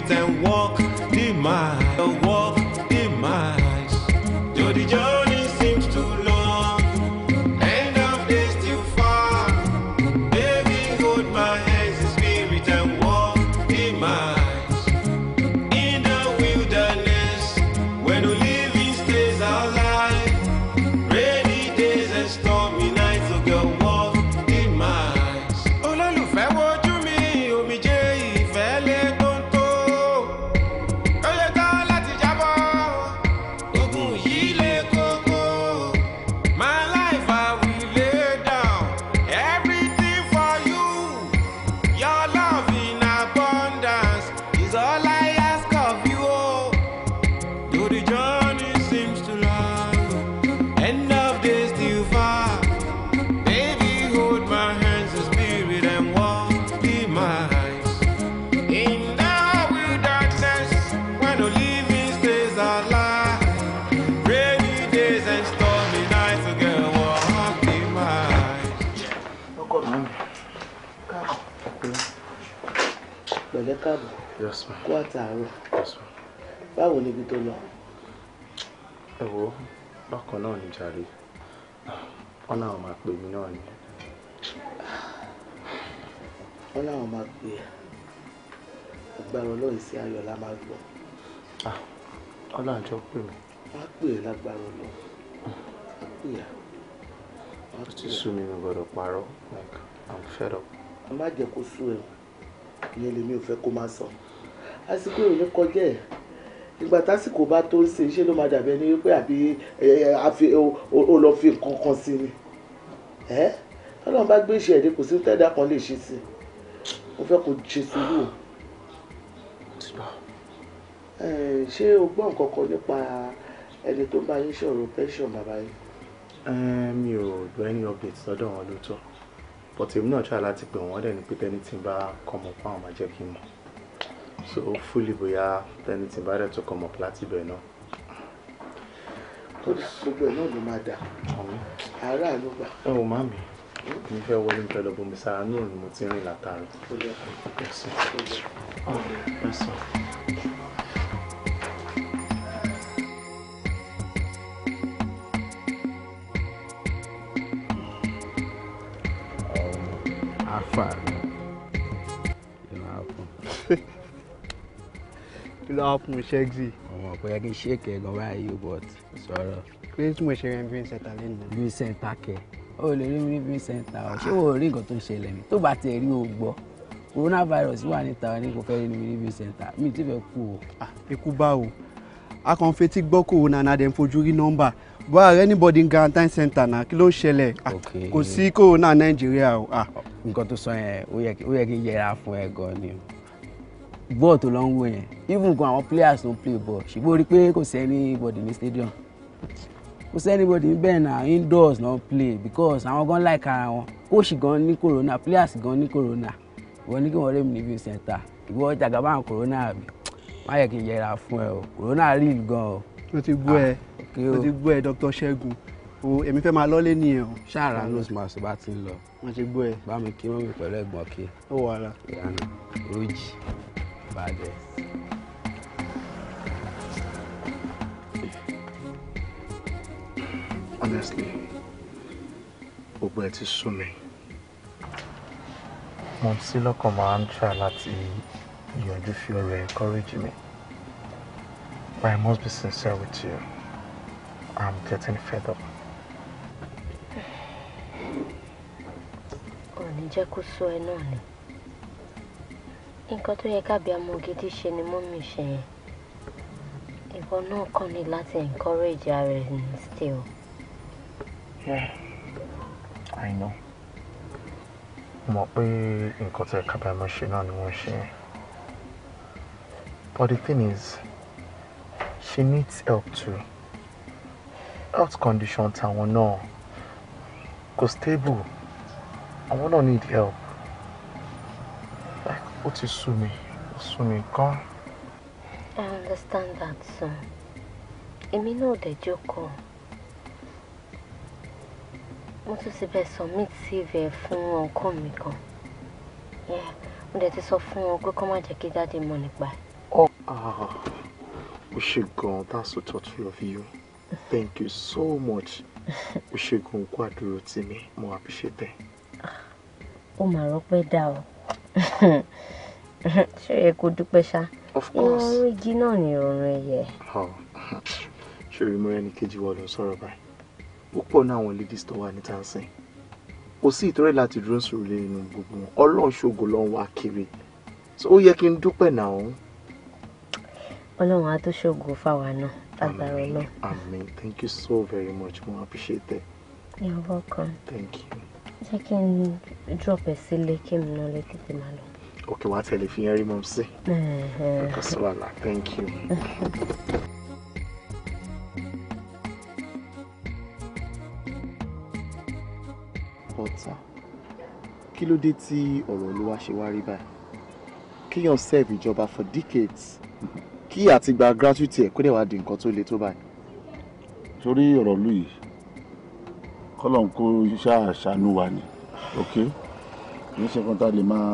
spirit and kó àtàárọ̀ báwo níbi tó lọ. ẹ wo bákan náà ní jàre wọn náà máa pè mí náà ni. wọn náà máa pè é agbára ọlọ́run sí ayọ̀ la máa gbọ́. ọlọ́àjọ pè mí. wọ́n á pè é lágbára ọlọ́run á pè é. ó ti sú mi mi gbọ́dọ̀ parọ́ i'm fed up. a má jẹ́ kó sú ẹ̀ ìyẹn lèmi ò fẹ́ kó má sọ àsìkò ìní kọjá ẹ̀ ìgbà tásìkò bá tó ń sìn ṣé ló máa dàbí ẹni wípé àbí ó lọ fi nǹkan kan sí ni ẹ ọlọ́run bá gbé ìṣẹ̀lẹ̀ kò sí tẹ́ẹ̀dá kan lè ṣe sí mo fẹ́ kó ṣe sùúrù o ṣé o gbọ́ nǹkan kan nípa ẹni tó bá yín sọ̀rọ̀ pension bàbá yín. mi ò gbọ́ any update lọ́dọ̀ wọn lóòótọ́ but èmi náà ṣáà láti pè wọ́n dẹ̀ ní pé tẹ́ni tí ń bá kọ́ mọ̀ fún àwọn máa jẹ́ kí n mọ̀ so fúlì bóyá tẹni tí bá rẹ̀ tó kọ̀ mọ̀ láti ibẹ̀ náà. kódà gbogbo ẹ̀ náà ló máa dà ara ló gbà. ẹ ò má mi mi fẹ́ wọlé mi fẹ́ lọ bomi sára náà ni mo ti rìn látàrí. ẹ̀sìn ẹ̀sìn. fire. kí ló wá fún iṣẹ́ gì. ọmọ kò yẹ kí n ṣèkè gan báyìí o but sọ̀rọ̀. kí ló tún mo ṣe rẹ̀ viewing center lẹ́nu. viewing center kẹ o lè rí mi viewing center o ṣé o rí nǹkan tó ń ṣẹlẹ̀ mi tó bá tiẹ̀ rí o gbọ́ coronavirus wà níta ní kò fẹ́ rí mi viewing center mi ti fẹ́ kú o. Ah, ikú bá o a kàn fetí gbọ́ corona náà dẹ̀ ń fojú rí nọ́mbà bó ààrẹ anybody in quarantine center náà kí ló ń ṣẹlẹ̀ ah, kò sí corona nàìjíríà o. Ah. nǹkan tó sọ yẹn ó yẹ kí n yẹra fún ẹ gan ni bọ́ọ̀ tó lọ ń wo yẹn even gan àwọn players tó ń play ball ṣùgbọ́n o rí pé kò sí anybody ní stadium kò sí anybody ń bẹ́ẹ̀ indoors náà play because àwọn gan láìka ara wọn kóòṣì gan ní corona players gan ní corona ìwọ ní kí wọ́n rémi níbi center ìwọ jàgàbá àwọn corona àbí má yẹ kí n yẹra fún ẹ o corona real gan o. mo ti gbọ́ ẹ mo ah, ti gbọ́ ẹ Dr. Ṣẹ́gun o èmi fẹ́ máa lọ́lé nìyẹn o. ṣáàrà nose mask bá ti ń lọ. mo ti gbọ́ ẹ. bá mi kí wọ́n mi pẹ̀lú ẹ̀gbọ́n kí. ó wà á la. ìyá náà oríjì balẹ̀. honestly gbogbo it is so mi. mo sí lọ́kàn máa ń try You ìyànjú fi ọ̀rọ̀ encourage mi but I must be sincere with you I'm getting fed up. Oh, Ninja, jẹ́ kó sọ ẹ nǹkan tó yẹ kábí amúgídí ṣe ni mọ́mì ṣe yẹn ìwọ náà kàn ní láti encourage ara ẹ̀ ní still. yeah i know mọ̀ pé nǹkan tó yẹ kábí amú ṣe náà ni wọ́n ṣe yẹn but the thing is she needs help too health condition tàwọn náà kò stable àwọn náà need help ó ti sú mi ó sú mi gan. I understand that son èmi náà dẹ̀ jókòó mo tún ti bẹ́ẹ̀ submit CV ẹ̀ fún ọkọ mi kan mo dẹ̀ ti sọ fún wọn pé kó má jẹ́ kí dáàdi mọ̀ nípa ẹ̀. ọ o ah, ṣe gan that's so thoughtful of you thank you so much o ṣe gan kó àdúró tì mí mo appreciate ẹ. ó mà rọpẹ́ dá o. ṣé yẹ kó dúpẹ́ ṣá of course ìrọ̀rùn igi náà ni ìrọ̀rùn ẹ̀yẹ. ṣé orí mọ́ra ẹni kejì wọ́n lọ sọ̀rọ̀ báyìí ó pọ̀ ní àwọn ladies tó wà ní tansin kò sí ìtọ́rẹ́ láti dúró sọ̀rọ̀ lé nínú gbogbo wọn ọlọ́run ṣògo ló wá kiri so ó yẹ kí n dúpẹ́ náà. ọlọ́run á tó ṣògo fáwa náà lágbára náà. amen thank you so very much mo appreciate it. you're welcome. thank you jẹ́ kí n drop ẹ̀ sílé kí n nà lè tètè máa lọ. òkè wàá tẹ̀lé fi yẹn rí mọ́ sí. kò sí wàhálà thank you. ọ̀tá kí ló dé tí ọ̀rọ̀ olúwa ṣe wá rí báyìí kíyàn serve ìjọba for decades kí àtìgbà gratuity ẹ̀ kó dẹ̀ wá di nǹkan tó le tó báyìí. torí ọ̀rọ̀ lù yìí kọ́lọ́n kó ṣàṣàánú wa ni ok kì í ṣe lè máa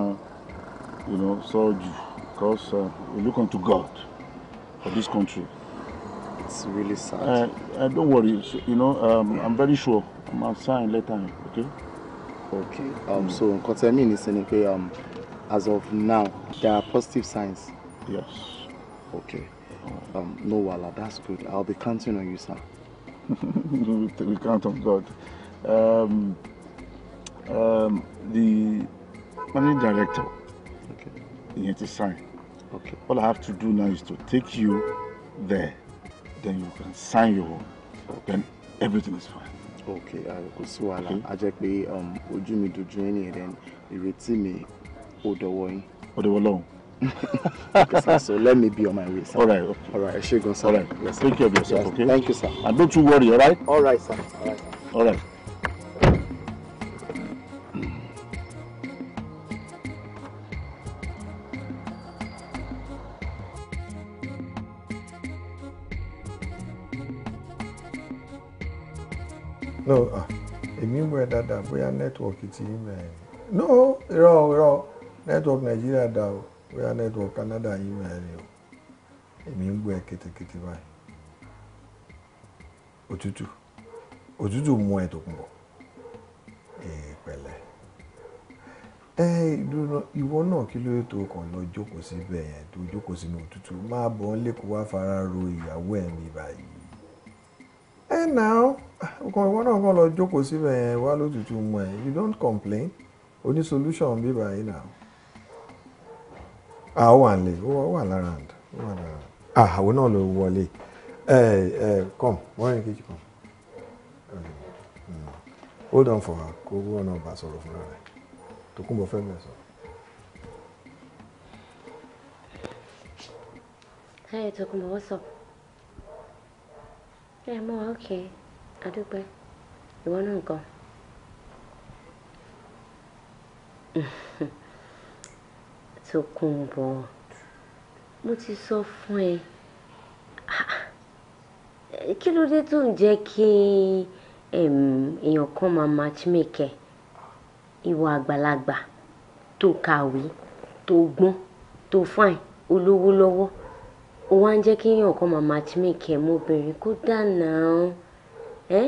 you know, sọ jù because uh, we look unto God for this country. It's really sad. Uh, uh, don't worry, you know, um, I'm very sure. I'm gonna sign later, okay? Okay. Um, mm. So, nǹkan tẹ́ mi ní sí ni pé um, as of now, there are positive signs. Yes. Okay. Um, no, Wala, that's good. I'll be counting on you, sir. we count on God um, um, the managing director okay. ìyẹn to sign okay. all I have to do now is to take you there then you can sign your own okay. then everything is fine. ok uh, kò sí wàhálà a jẹ́ pé um, ojú mi dojú join nìyẹn then ìrètí mi ò dọwọ́ yín. ó dọwọ́ lọ́hùn. okay so let me be on my way sir. alright okay. alright ẹ ṣé gan sir. alright yes, take care of yourself yes, okay. thank you sir. and don't you worry alright. alright sir. alright. Sir. alright. no ah, èmi ń wẹ̀ dáadáa bóyá ti ń mẹ̀ no irọ́ irọ́ network nigeria da o bóyá nẹ́tíwọ̀kì canada yìí mẹ̀ ni o emi ń wẹ̀ kétékété báyìí òtútù òtútù mú ẹ tó kún bọ̀ ẹ ìdúró ìwọ náà kí ló tó kàn lọ jókòó yẹn tó jókòó sínú fara ro ìyàwó ẹ̀ mi báyìí. now ọkàn ìwọ náà kàn lọ jókòó síbẹ̀ yẹn wá lótùtù mú ẹ you don't complain o ní solution bí báyìí now. à ó wà nílé ó wà lára àǹd ó wà lára àǹd àwọn náà ló wọlé ẹ ẹ come wọ́n rìn kejì come hold on for her kó owó ọ̀nà ọba sọ̀rọ̀ fúnra rẹ̀ tó kún bọ̀ fẹ́ mi sọ. Hey, Tokunbo, what's up? ẹ mọ ọkẹ adúpẹ́ ìwọ náà nǹkan Tókunbọ̀ mo ti sọ fún ẹ ah, kí ló dé tó ń jẹ́ kí èèyàn kan máa matchmaker ìwọ àgbàlagbà tó kàwé tó gbọ́n tó fine olówó lọ́wọ́ ó wá ń jẹ́ kí èèyàn kan máa matchmake ẹ̀ mọ́bìnrin kó dànà ẹ́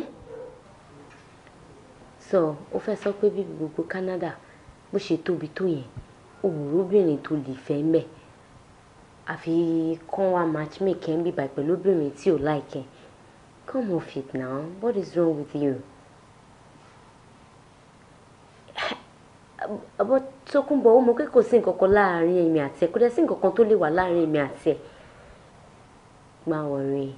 sọ ó fẹ́ sọ pé bí gbogbo Canada bó ṣe tóbi tó yẹn òwúrọ̀bìnrin tó lè fẹ́ mẹ́ àfi kán wá matchmake ẹ̀ ń bíbá pẹ̀lú obìnrin tí ò láìkẹ́ come off it now what is wrong with you. àbọ̀ Tókunbọ̀ ó mọ̀ pé kò sí nǹkan kan láàrin èmi àti ẹ̀ kò dẹ̀ sí nǹkan kan tó lè wà láàrin èmi àti ẹ̀ má wọrí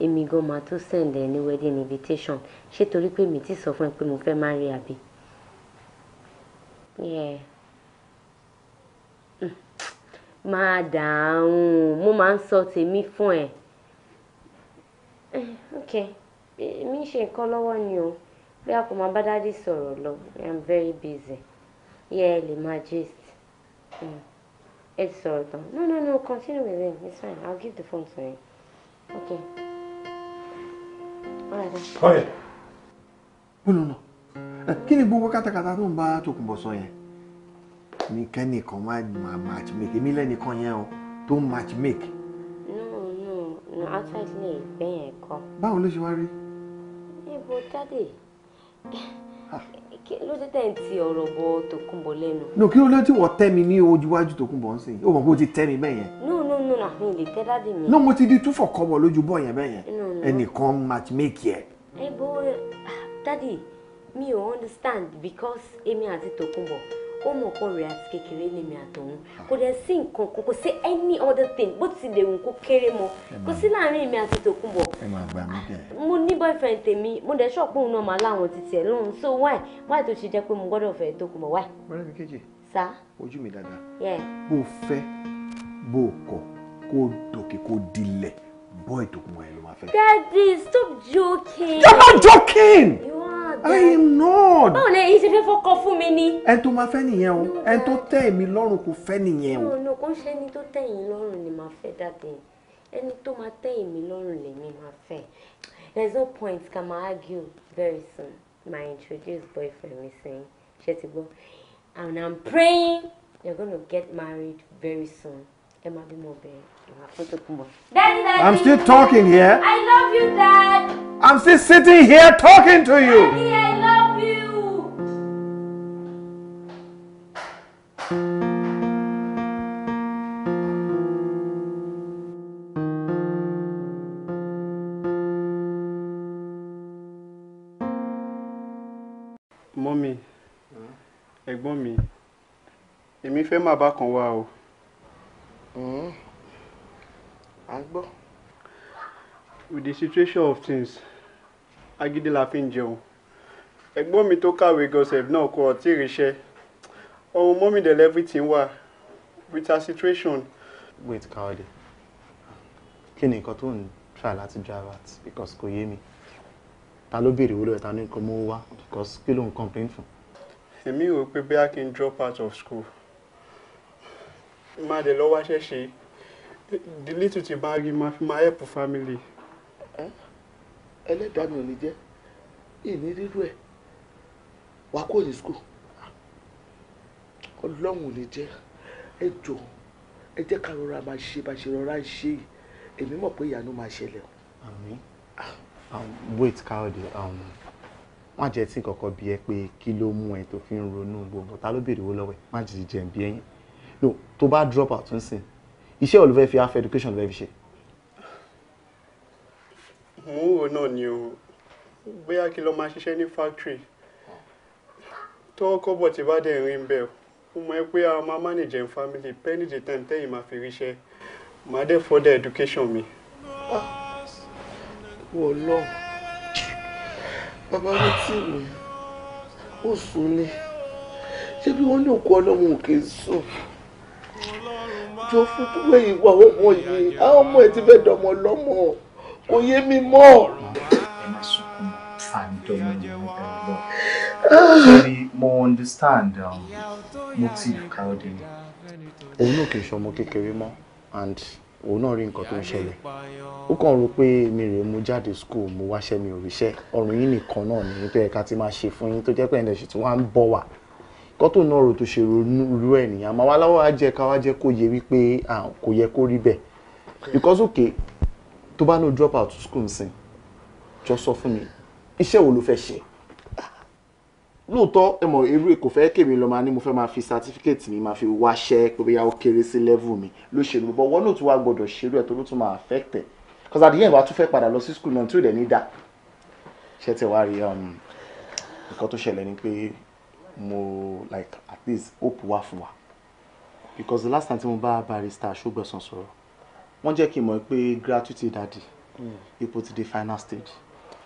èmi gan máa tó send ẹ ní wedding invitation ṣé torí pé mi ti sọ fún ẹ pé mo fẹ́ marry àbí. máa hmm. dàrún mo máa ń sọ tèmi fún ẹ. Eh, ok èmi ń ṣe nǹkan lọ́wọ́ ni o bí a kò máa bá dádì sọ̀rọ̀ lọ i am very busy yẹ ẹ lè máa gist hmm. ẹ ti sọ̀rọ̀ tán no no no continue with him it's fine i'll give the phone to him. Okay. All right then. All right. No, no, no. Eh, kí ni gbogbo kátàkátà tó ń bá Tòkunbọ̀ sọ yẹn? Nìkan nìkan máa máa match make. Èmi lẹ́nìkan yẹn o tó ń match make. No, no, no, outside lè gbẹ́ yẹn kọ́. Báwo ló ṣe wá rí? Ibo jáde. Kí ló dé tẹ̀ ń ti ọ̀rọ̀ bọ Tòkunbọ̀ lẹ́nu? No, kí ló dé tí wọ́n tẹ́ mi ní ojúwájú Tòkunbọ̀ ń sìn? Ó mọ̀ pé ó ti tẹ́ mi bẹ́ẹ̀ yẹn no na mi lè tẹ́ dáàdì mi. no mo ti di two for kọ́bọ̀ lójú bọ́ yẹn bẹ́yẹn ẹnìkan match make yẹ. ẹ bó dáàdì mi ò understand because èmi àti Tòkunbọ̀ ó mọ̀ kọ́ rẹ̀ àti kékeré lèmi àtọ̀hún ah. kò dẹ̀ sí nǹkan kan kò sí any other thing bó ti lè wù kó kéré mọ́ kò sí láàrin èmi àti Tòkunbọ̀ ah, mo ní boyfriend tèmi mo dẹ̀ ṣọ́ọ̀pù òun náà máa láwọn títí ẹ̀ lóhun so why why tó ṣe jẹ́ pé mo gbọ́dọ̀ fẹ́ Tòkunbọ̀ why. ọ̀rẹ́ mi kejì sa ojú mi dáadáa bó fẹ́ bó kọ̀ kó dòkè kó dilẹ̀ boy tó kún ẹ ló máa fẹ́. daddy stop joking. you're not joking. you are i am not. báwo lè yí ṣe fẹ́ fọkọ fún mi ni. ẹni tó máa fẹ́ nìyẹn o ẹni tó tẹ́ èmi lọ́rùn kò fẹ́ nìyẹn o. ọ̀nà kò ń ṣe ẹni tó tẹ́ yín lọ́rùn ni màá fẹ́ daddy ẹni tó máa tẹ́ èmi lọ́rùn lèmi máa fẹ́ there is no point ká máa argue very soon my introduced boyfriend mi sẹ́yìn ṣe ti gbọ́ and i'm praying you're gonna get married very soon ẹ máa bímọ bẹ́ẹ̀. Daddy, Daddy, I'm still talking here. I love you, Dad. I'm still sitting here talking to you. Daddy, I love you. mọ́mí ẹ̀gbọ́n mi èmi fẹ́ má bá kan wá o. Hmm? à gbọ́. with the situation of things agídí la fi ń jẹun ẹ̀gbọ́n mi tó kàwé gọ̀ọ́sẹ̀ náà kò ọ̀tí ìrìṣẹ́ ọmọ mọ́mí everything wà with her situation. wait Káyọ̀dé kí ni nǹkan tó ń try láti drive at because kò yé mi ta ló béèrè owó lọ́wọ́ ní nǹkan mọ́ wá because kí ló ń complain fún. èmi rò pé bí a kì drop out of school má dẹ̀ lọ́wọ́ ṣẹ́ṣe the little tí bá rí máa fi máa help family. ẹlẹ́dàá mi ò ní jẹ́ ìní rírú ẹ̀ wá kó ní school ọlọ́run ò ní jẹ́ ẹ jọ ẹ jẹ́ ká rọra máa ṣe bá ṣe rọra ń ṣe yìí èmi mọ̀ pé ìyanu máa ṣẹlẹ̀ o. àmín um, wait káyọ̀dé um, má jẹ́ tí kọ̀ọ̀kan bí ẹ pé kí ló mú ẹ tó fi ń ronú gbogbo ta ló béèrè owó lọ́wọ́ ẹ má jẹ́ jẹ́ bí ẹyin no tó ba drop out ń sìn iṣẹ́ olùfẹ́ fi half education lọ́fẹ́ fi ṣe. mo ń wo náà ni o bóyá kí lọ́ọ́ máa ṣiṣẹ́ ní factory tọ́wọ́ kọ́bọ̀ tí bá dẹ̀ rí ń bẹ̀ ó mọ̀ ẹ́ pé àwọn máa manage ẹ̀ family penny the time tẹ́yìn máa fi ríṣẹ́ máa dẹ̀ further education mi. wò ó lọ bàbá mi tì mí ó sùn ni ṣé bí wọ́n ní òkú ọlọ́run ò kì sùn jọ fojúwe ìwà ọmọ yìí àwọn ọmọ ẹ ti fẹ́ dọmọ lọ́mọ kò yé mi mọ́. sorry mo understand um, motive Káyọ̀dé. òun náà kì í ṣọmọ kékeré mọ́ and òun náà rí nǹkan tó ń ṣẹlẹ̀ ó kàn rò pé mi rèé mo jáde school mo wáṣẹ́ mi ò ríṣẹ́ ọ̀rùn yín nìkan náà nìyí tó yẹ ká ti máa ṣe fún yín tó jẹ́ pé ẹ̀ǹdẹ̀ ṣì tún wá ń bọ̀ wá kọ́tò náà rò tó ṣe ronú ẹ̀ àmọ́ wa láwọ́ á jẹ́ ká wá jẹ́ kó yẹ wípé kò yẹ kó rí bẹ́ẹ̀ because okay tó bá no drop out school nsìn jọ sọ fún mi iṣẹ́ wo ló fẹ́ ṣe lóòótọ́ ẹ mọ̀ irú èkó fẹ́ kèmí lọ́ọ́ máa mo fẹ́ máa fi certificate mi máa fi wáṣẹ́ pé bóyá ó kéré sí level mi ló ṣe lóbọ̀ wọ́n lóòótọ́ wa gbọ́dọ̀ ṣerú ẹ̀ tó ló tún máa affect ẹ̀ because at the end wa tún fẹ́ padà lọ sí school náà tí ò dẹ̀ ní dà ṣẹ́ tẹ̀ wá rí um, nǹkan tó ṣẹlẹ̀ ni pé mo like at least hope wà fún wa because the last time tí mo bá barrister Ṣógbẹ̀sán sọ̀rọ̀ wọ́n jẹ́ kí n mọ̀ pé gratuity dadi hmm. ipò ti di final stage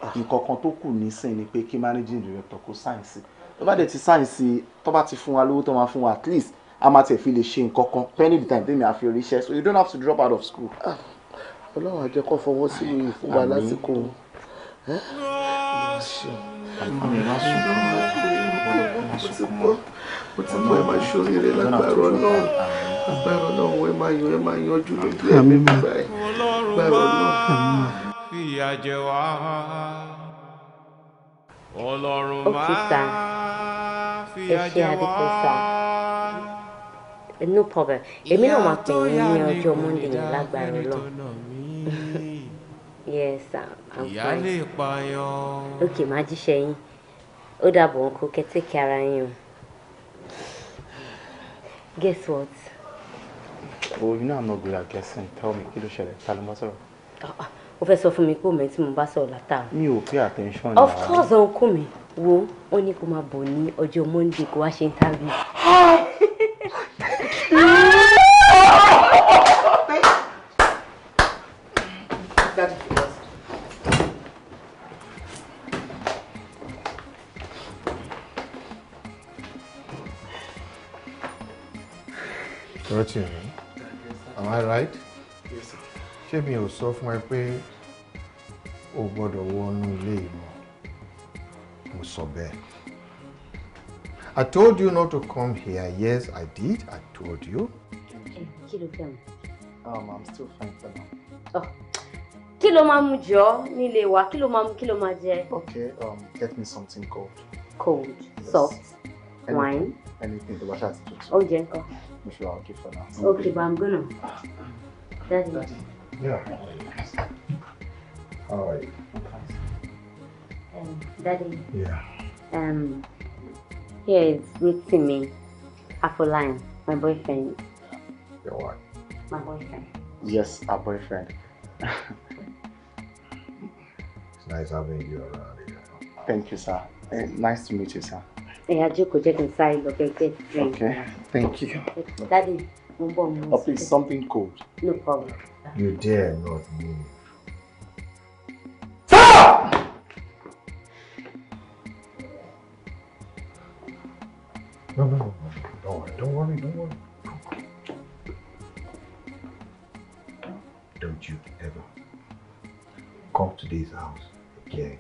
ah. nǹkan kan tó kù nísìn ni pé kí managing director kó sáyẹ̀nsì tó bá dẹ̀ ti sáyẹ̀nsì tó bá ti fún wa lówó tó máa fún wa at least a máa tẹ̀ fi lè ṣe nǹkan penny the time tèmi àfi oríṣẹ́ so you don't have to drop out of school. Ah, ọlọ́run àjẹ́ kó fọwọ́ sí mi fún wa lásìkò. àmì àmì ìrásùn mo ti mọ mo ti mọ ẹ máa ṣoríire lágbàrọ náà lágbàrọ náà wọ ẹ máa yan ẹ Ọlọ́run máa fìyà jẹ wá no problem èmi náà máa pè yín ní ọjọ́ monday yẹn lágbára Ọlọ́run yes i'm fine okay màá jíṣẹ́ yín ó dàbọ̀ nǹkan kẹ́tẹ́kẹ́ ara yín o guess what. o oh, you know i'm not good at guessing tell me kí ló ṣẹlẹ̀ ta ló bá sọ̀rọ̀. o ah, ah, fẹ́ sọ fún mi pé òmìnir tí mo bá sọ̀rọ̀ látàrú. mi ò pay attention náà. of course ọkọ mi wo ó ní kó máa bọ̀ ní ọjọ́ monday kó wá ṣe interview. Rotimi, am I right? Yes, sir. Ṣé mi ò sọ fún ẹ pé o gbọ́dọ̀ wọnú ilé ìmọ̀? Mo sọ bẹ́ẹ̀. I told you not to come here. Yes, I did. I told you. Okay, kí ló fẹ́ mu? Um, I'm still fine for now. Oh. Kí ló máa mu jọ nílé wa? Kí ló máa mu kí ló máa jẹ? Okay, um, get me something cold. Cold, yes. soft, anything, wine. Anything tó bá ṣáà ti tutù. Oúnjẹ nǹkan. If you are okay for now. Okay, okay but I'm gonna. Daddy. Daddy. Yeah. All right. Um, Daddy. Yeah. Um, here is meeting me, Afoline, my boyfriend. Your what? My boyfriend. Yes, our boyfriend. it's nice having you around here. Thank you, sir. Eh, nice to meet you, sir. ẹ̀yà jókòó jẹ́ kí n sáré lọ okay thank you. daddy mo bọ̀ mo. oh please something cold. no problem. you dare not move. No, no, no, no, don't worry, don't worry, don't worry. Don't you ever come to this house again,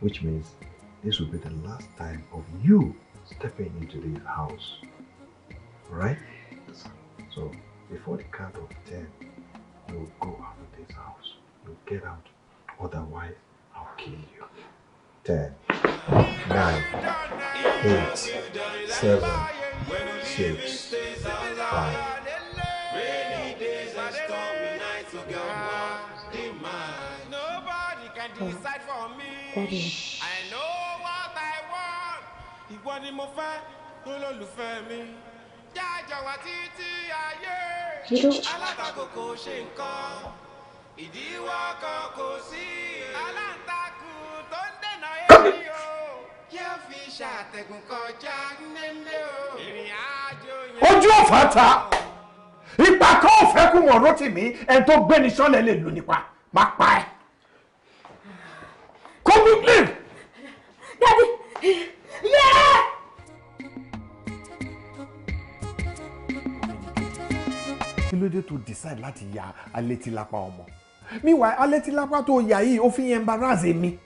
which means this will be the last time of you stepping into this house. Right? So before the count of ten, you'll go out of this house. You'll get out. Otherwise, I'll kill you. Ten, nine, eight, seven, six, five. Oh. ìwọ ni mo fẹ́ tó lólùfẹ́ mi. jájọ wá títí ayé alábàákò kò ṣe nǹkan ìdíwọ́ kan kò sí aláǹtakùn tó ń dènà èyí o yóò fi ṣàtẹ̀gùn kọjá nílé o ìrìn àjò yẹn. ojú ọ̀fà ta ipa kan ò fẹ́ kún wọn rántí mi ẹni tó gbé ní sọ́lẹ̀ lè lù nípa máa pa ẹ́. ló dé tó decide láti ya alétílápá ọmọ meanwhile alétílápá tó yà yìí ó fi embarrass mi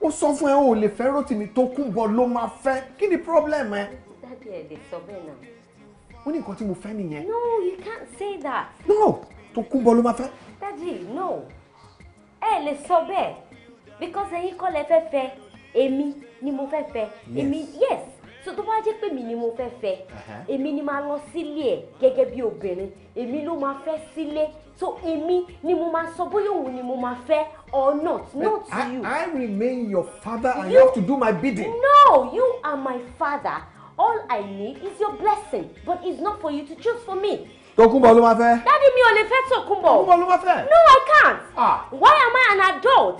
ó sọ fún ẹ o lè fẹ́ Rótìmí tó kún bọ ló máa fẹ́ kí ni problem ẹ. dádì ẹ lè sọ bẹ́ẹ̀ náà. ó ní nǹkan tí mo fẹ́ nìyẹn. no you can't say that. no tó kún bọ ló máa fẹ́. dádì no ẹ lè sọ bẹ́ẹ̀ because ẹ̀yin kọ́ lẹ fẹ́ fẹ́ èmi ni mo fẹ́ fẹ́ èmi yes so tó bá jẹ́ pé mi ni mo fẹ́ fẹ́ èmi ni máa lọ sílé ẹ̀ gẹ́gẹ́ bí obìnrin èmi ló máa fẹ́ sílé so èmi ni mo máa sọ bóyá òun ni mo máa fẹ́ or not not I, you. I remain your father and you, you have to do my bidding. No, you are my father all I need is your blessing but it's not for you to choose for me. Tòkunbọ̀ ló máa fẹ́. Dádì mi ò lè fẹ́ Tòkunbọ̀. Tòkunbọ̀ ló máa fẹ́. No, I can't. Ah. Why am I an adult?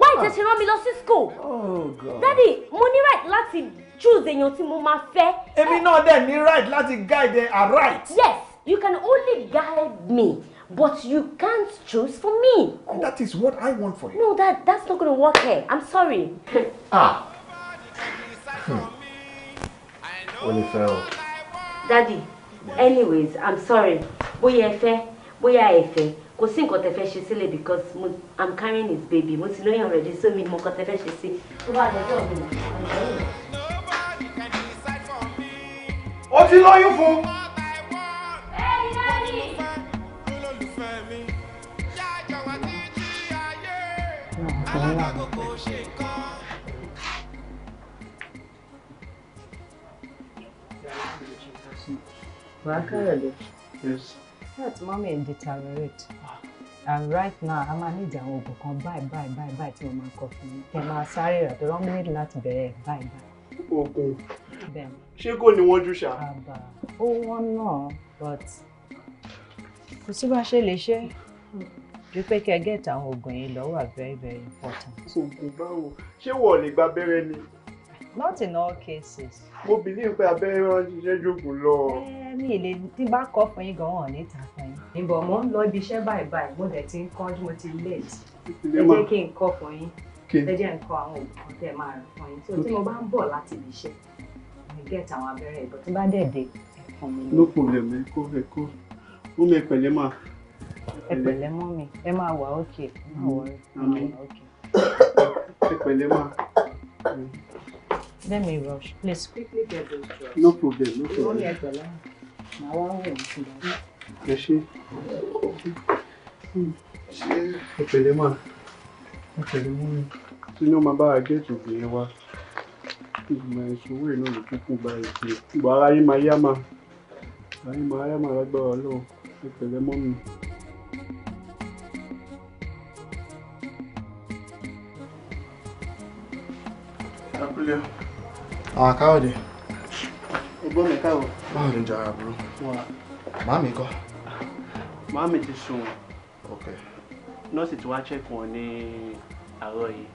Why ìjẹ́ ah. she rán mi lọ sí school? Oh, God. Dádì, mo ní right láti choose èèyàn tí mo máa fẹ́. èmi náà dẹ̀ ní right láti guide ẹ are right. yes you can only guide me but you can't choose for me. and that is what I want for you. no that that's not gonna work here I'm sorry. ah o lè fell. o. daddy anyways I'm sorry bóyá ẹ fẹ́ bóyá ẹ fẹ́ kò sí nǹkan tẹ fẹ́ ṣe sílẹ̀ because mo i'm carrying his baby mo ti lóyún already so mi mọ nǹkan tẹ fẹ́ ṣe sí. tó bá dọjọ́ mi ó ti lóyún fún. Wakarele. Yes. That's mommy and deteriorate. And right now, a máa ní ìdí àwọn oògùn kan báyìí báyìí báyìí báyìí tí mo máa kọ fún yín. Kẹ̀ máa sáré rà tó rán mi nílò láti bẹ̀rẹ̀ báyìí báyìí. Oògùn ṣé kò ní wọ́n jù ṣá. ó wọ́n náà but kò sí bá ṣe lè ṣe ju pé kí ẹ gẹ́ẹ̀tì àwọn oògùn yìí lọ wà very very important. oògùn báwo ṣé wọ́n lè gba abẹ́rẹ́ ni. not in all cases. mo believe pé abẹ́rẹ́ wọn ṣiṣẹ́ jòògùn lọ. Eh, mi ì lè tí bá kọ́ fún yín gan-an wọn níta fún yín. ìbọn mo ń lọ ibi iṣẹ́ báyìí báyìí mo dẹ̀ ti ń kánjú mo ti late. ẹ jẹ́ kí n kọ́ fún yín ẹ jẹ́ n kọ́ àwọn oògùn tẹ́ máa rìn fún yín tí mo bá ń bọ̀ láti ibi iṣẹ́ get àwọn abẹ́rẹ́ ìbọn tó bá dẹ̀ dé fún mi. no problem ẹ kó ẹ kó mú mi pẹ̀lẹ́ mà. ẹ pẹ̀lẹ́ mọ́ mi ẹ máa wà ókè mm, ẹ pẹ̀lẹ́ mà. Let me rush. Please quickly get those drugs. No problem, no problem. Only at the line. Now I won't see that. Yes, she. Ṣé ẹ pẹ̀lẹ́ mà? Ẹ pẹ̀lẹ́ mọ́ mi. Sínú ọmọ bá a gẹ̀ẹ́tù gbé wa ìgbà ìṣòwò iná ló kúkú báyìí sí ìgbà aráyé máa yá máa aráyé máa yá máa lágbára ọlọ́run ẹ pẹ̀lẹ́ mọ́ mi. Abúlé. Àwọn bro? Wà. Màámi kọ́. Màámi ti sùn. Ok. Nọ́ọ̀sì ti wá check wọn ní àárọ̀ yìí.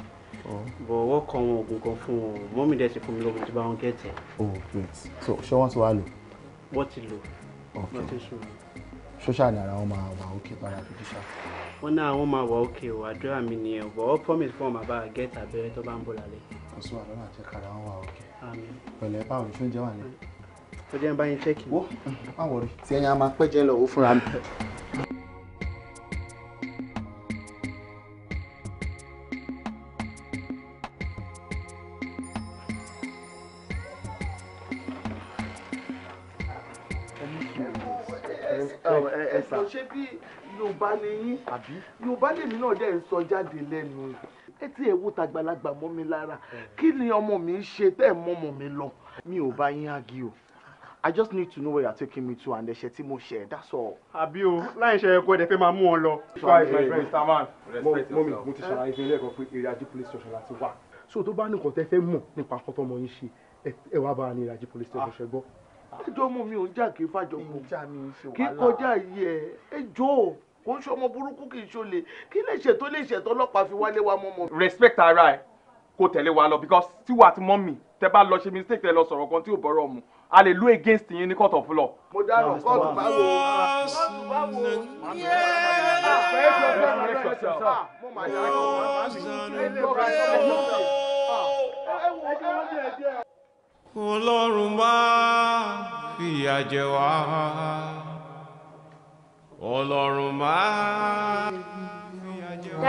Oh. bọ̀ ọwọ́ kan wọn oògùn kan fún wọn mọ́mí dẹ̀ ti fún mi lóògùn tí bá wọn gẹ̀tẹ̀. oh great so ṣé wọ́n ti wá lò. wọ́n ti lò wọ́n ti sùn. ṣóṣà ni ara wọn máa wà òkè padà tó ti ṣá. wọ́n náà wọ́n máa wà òkè o àdúrà mi nìyẹn bọ̀ ọ́ promise fún ọmọ bàbá gẹ̀tẹ̀ abẹ́rẹ́ tó bá ń bọ̀ lálẹ́. ọ̀ṣun àlọ́ náà ti kára wọn wà òkè. pẹ̀lẹ́ báwo ṣó ń jẹ́ wà ní. ó jẹ́ yorùbá ni yín yorùbá lèmi náà dẹ̀ ń sọ jáde lẹ́nu ẹ tí ẹ wú tàgbàlagbà mọ́ mi lára eh. kí ni ọmọ mi ṣe tẹ́ ẹ mọ́ ọmọ mi lọ. mi ò bá yín ági o i just need to know where you are taking me to and ẹ̀ṣẹ̀ tí mo ṣẹ̀ that's all. àbí o láì ṣe ẹ̀kọ́ ẹ̀dẹ̀ fẹ́ máa mú ọ lọ. mọ́mí mo ti ṣàlàyé fún ilé ẹ̀kọ́ pé eré ají police station láti wà so tó bá nìkan tẹ́ fẹ́ mọ̀ nípa akọ́tọ́ ọmọ yín ṣe ẹ wá bá a ní ìrajì police station ṣe gbọ́. ẹjọ́ mú mi ò ń jà kí fàjọ mọ́ kí kọjá yìí ẹ ẹjọ́ kò ń ṣe ọmọ burúkú kì í ṣọlẹ kí lè ṣètò lè ṣètò ọlọ́pàá fi wálé wa mọmọ. respect ara ẹ kó tẹ̀lé wa lọ because tiwa àti mọ́mì tẹ bá lọ ṣe mistake tẹ lọ sọ̀rọ̀ kan tí ò bọ́rọ̀ mu a lè lo against yín ní court of law. mo dáná kóòtù báwo kóòtù báwo mo máa dá ọkọ̀ ọlọ́run bá fìyà jẹ wá ọlọ́run máa.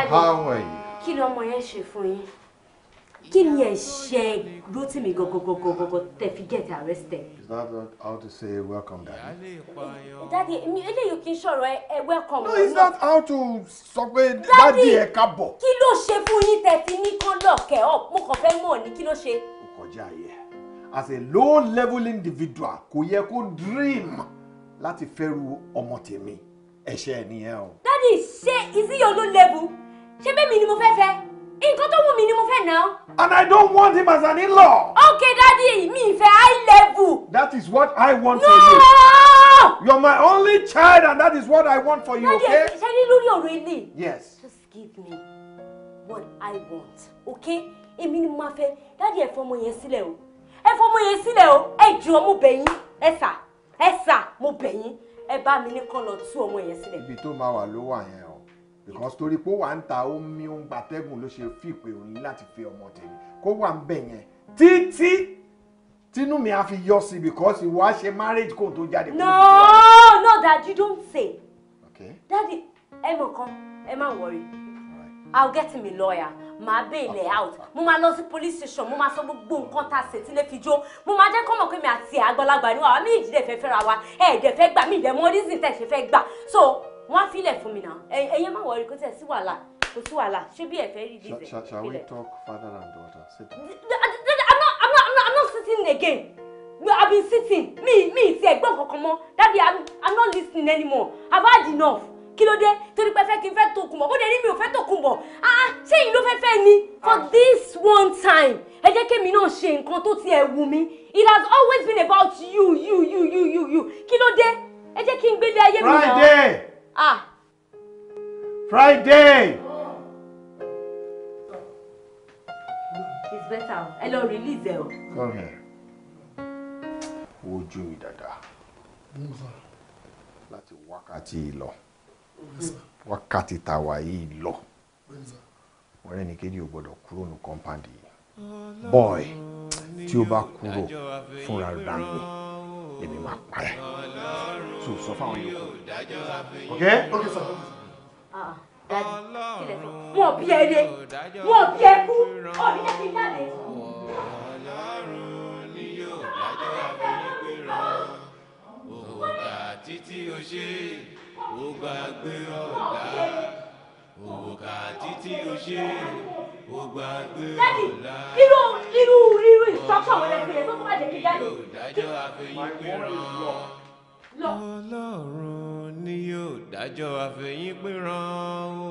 how are you. kí lọmọ yẹn ṣe fún yín kí ni ẹ̀ṣẹ̀ Rotimi gọgọgọgọgọ tẹ fi get arrested. is that how to say welcome daddy. daddy mi eléyìí kì í sọ̀rọ̀ ẹ welcome. no is that how to sọ pé daddy ẹ káàbọ̀. kí ló ṣe fún yín tẹ fi ní kán lọ́ọ̀kẹ́ mo kàn fẹ́ mọ̀ ní kí ló ṣe. ó kọjá yẹ as a low level individual kò yẹ kó dream láti fẹ́rù ọmọ tèmi ẹ̀ṣẹ̀ nìyẹn o. dádì ṣé ìsíyọ ló lẹ́bù ṣé bẹ́ẹ̀ mi ni mo fẹ́ fẹ́ nǹkan tó wù mí ni mo fẹ́ náà. and I don't want him as an in-law. okay daddy mi ìfẹ́ high level. that is what I want no! for you. no. You are my only child and that is what I want for you daddy, okay. daddy ṣe ní lórí ọ̀rọ̀ ilé. yes. just give me what I want okay èmi ni mo máa fẹ́ daddy ẹ fọmọ yẹn sílẹ̀ o ẹ fọmọ yẹn sílẹ̀ o ẹ jọ̀ọ́ mo bẹ̀ yín ẹ sà ẹ mo bẹ̀ ẹ bá mi ní kán lọ tú ọmọ yẹn sílẹ̀. ibi tó máa wà ló wà yẹn o because torí pé ó wà ń ta ó ń gbatẹ́gùn ló ṣe fi ìpè òun láti fi ọmọ tèmi kó wà ń bẹ̀ yẹn títí tínú mi á fi yọ sí because ìwọ á ṣe marriage kó tó jáde. no no dad you don't say. okay. daddy ẹ mọ̀ kan ẹ má worry i will get him a lawyer màá bail out mo máa lọ sí police station mo máa sọ gbogbo nǹkan tá a ṣe tí fi jó mo máa jẹ́ kọ́ mọ̀ pé mi àti àgbàlagbà ni wàá mi ìjì dẹ̀ fẹ́ fẹ́ra wa ẹ̀ dẹ̀ fẹ́ gbà mí dẹ̀ mọ reason tẹ̀ ṣe fẹ́ gbà so wọ́n á filẹ̀ fún mi náà ẹ̀yẹ má wọrí kó tẹ̀ sí wàhálà kò sí wàhálà ṣé bí ẹ fẹ́ rí dídẹ̀ filẹ̀. shall we talk father and daughter sit down. I'm not, I'm not, I'm not, I'm not sitting again. I've been sitting. Me, me, ti ẹ̀gbọ́n kankan mọ́. Daddy, I'm, I'm not listening anymore. I've had enough kí ló dé torí pé fẹ́ kí n fẹ́ Tòkunbọ̀ bó dé ní mi ò fẹ́ Tòkunbọ̀ ah ṣé ló fẹ́ fẹ́ ni for ah. this one time ẹ jẹ́ kémi náà ṣe nǹkan tó ti ẹ̀ wù mí it has always been about you you you you you you kí ló dé ẹ jẹ́ kí n gbélé ayé mi náà. Friday ah Friday. it's better ẹ lọ release ẹ o. come here wojú mi dáadáa láti wákàtí lọ wákàtí tàwa yìí lọ wọn rẹ́ni kejì ò gbọ́dọ̀ kúrò ní compound yìí mm, boy tí ó bá mm, kúrò fúnra rà mí èmi máa parẹ́ tó sọ fáwọn yòókù ok ok ah, sọ. wọ́n bí ẹ dé wọ́n bí ẹ kú ọ̀bí jẹ́ kí n jáde. Títí o ṣe ó gbàgbé ọ̀la òwòkà títí o ṣe ó gbàgbé ọ̀la. irú irú irú ìsọ́kọ̀ wọlé pé ẹ tó tó bá jẹ́ kí jáde. yóò dájọ́ àfẹ́yìn pínrán. ọlọ́run ni yóò dájọ́ àfẹ́yìn pínrán o.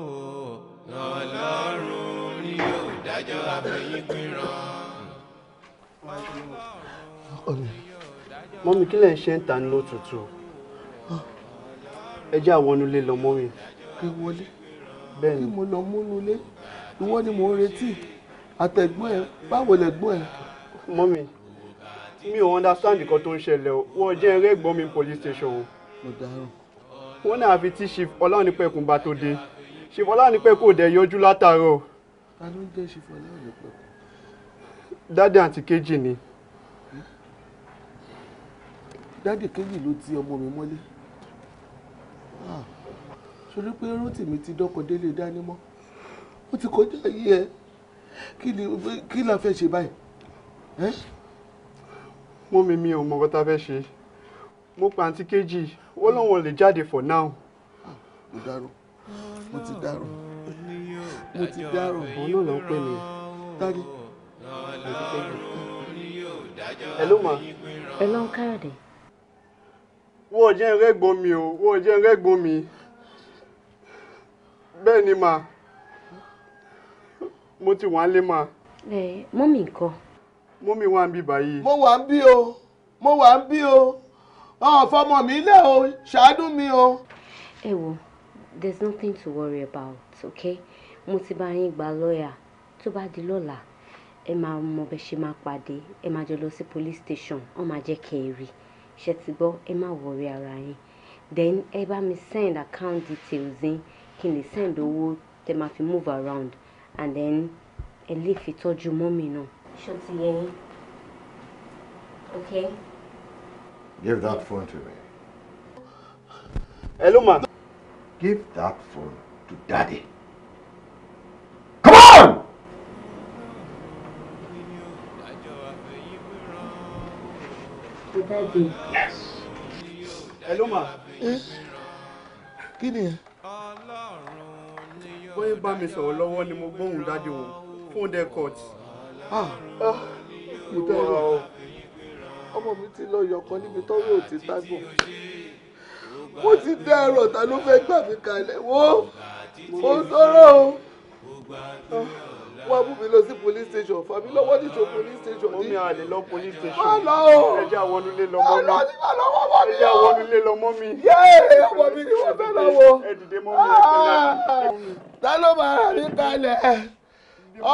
ọlọ́run ni yóò dájọ́ àfẹ́yìn pínrán. ọ̀nà mọ́mí kí lẹ̀ ń ṣe ń ta ní lótùtù ẹ jẹ́ àwọn ọ̀nulẹ̀ lọ mọ́ mi. ẹ wọlé bẹ́ẹ̀ ni mo lọ múnú ilé ìwọ ni mò ń retí àtẹ̀gbọ́n ẹ báwo lẹ̀gbọ́n ẹ. mọ́mi mi ò understand nǹkan tó ń ṣẹlẹ̀ o wọ́n jẹ́ eré ẹ̀gbọ́n mi police station o. mo dárò. wọ́n náà fi tí chief ọlọ́ọ̀nìpẹ̀kùn bá tó dé chief ọlọ́ọ̀nìpẹ̀kùn ò dẹ̀ yọjú látàárọ̀. ta ló ń jẹ́ chief ọlọ́ọ̀nìpẹ̀kùn. dáàdì àǹtí kejì ni. dáàdì kejì ló ti ọmọ mi mọ́lé. Ah, sori pé Rótìmí ti dọ́kọ̀ délé dání mọ́ ó ti kọjá yí ẹ kí la fẹ́ ṣe báyìí. mú mi mi ò mọ nǹkan tá a fẹ́ ṣe mo pa àǹtí kejì wọ́n lọ́wọ́ lè jáde for now. Ah, mo dárò mo ti dárò mo ti dárò òun náà ló ń pè mí dájú. hello ma. hello Káyọ̀dé wọ́n ò jẹ́ o wọ́n ò jẹ́ ẹrẹ́gbọ́n ni mà mo ti wà lé mà. ẹ mọ́mì nǹkan. mọ́mì wà ń bí báyìí. mo wà ń bí o mo wà ń bí o ọ̀hún mi lẹ́ o ṣàánú mi o. ẹ wo there's nothing to worry about okay mo ti bá yín gba lọ́ọ̀yà tó bá di lọ́la ẹ máa mọ bẹ ṣe máa pàdé ẹ máa jọ lọ sí police station wọ́n máa jẹ́ kẹ́ ṣe ti gbọ́ ẹ má wọrí ara yín then ẹ bá mi send account details yín kí n lè send owó tẹ máa fi move around and then ẹ lè fi tọ́jú mọ́mì náà. ṣó ti yẹ yín okay. give that phone to me. hello ma. give that phone to daddy. jáde. ẹ ló mà. kí ni ẹ. bóyá bá mi sọ̀rọ̀ lọ́wọ́ ni mo gbóhùn dájú wọn fún dẹ́ court. Ah, ah, mo tẹ́wọ́ ọmọ mi ti lọ yọ̀kan níbi tọ́wọ́ ò ti ságbọ̀n mo ti dá ẹrọ ta ló fẹ́ gbà mí kalẹ̀ wo mo sọ̀rọ̀ o. Ah wọ́n mú mi lọ sí police station fàmí lọ́wọ́ ní ìṣó police station. omi àlè lọ police station. má lọ o ẹjẹ àwọnulé lọmọ mi. ẹjẹ àwọnulé lọmọ mi. yéé ọmọ mi ni wọ́n fẹ́ lọ wo. ẹ dìde mọ́ mi ẹ̀kẹ́ náà. ta ló máa rà ní kalẹ̀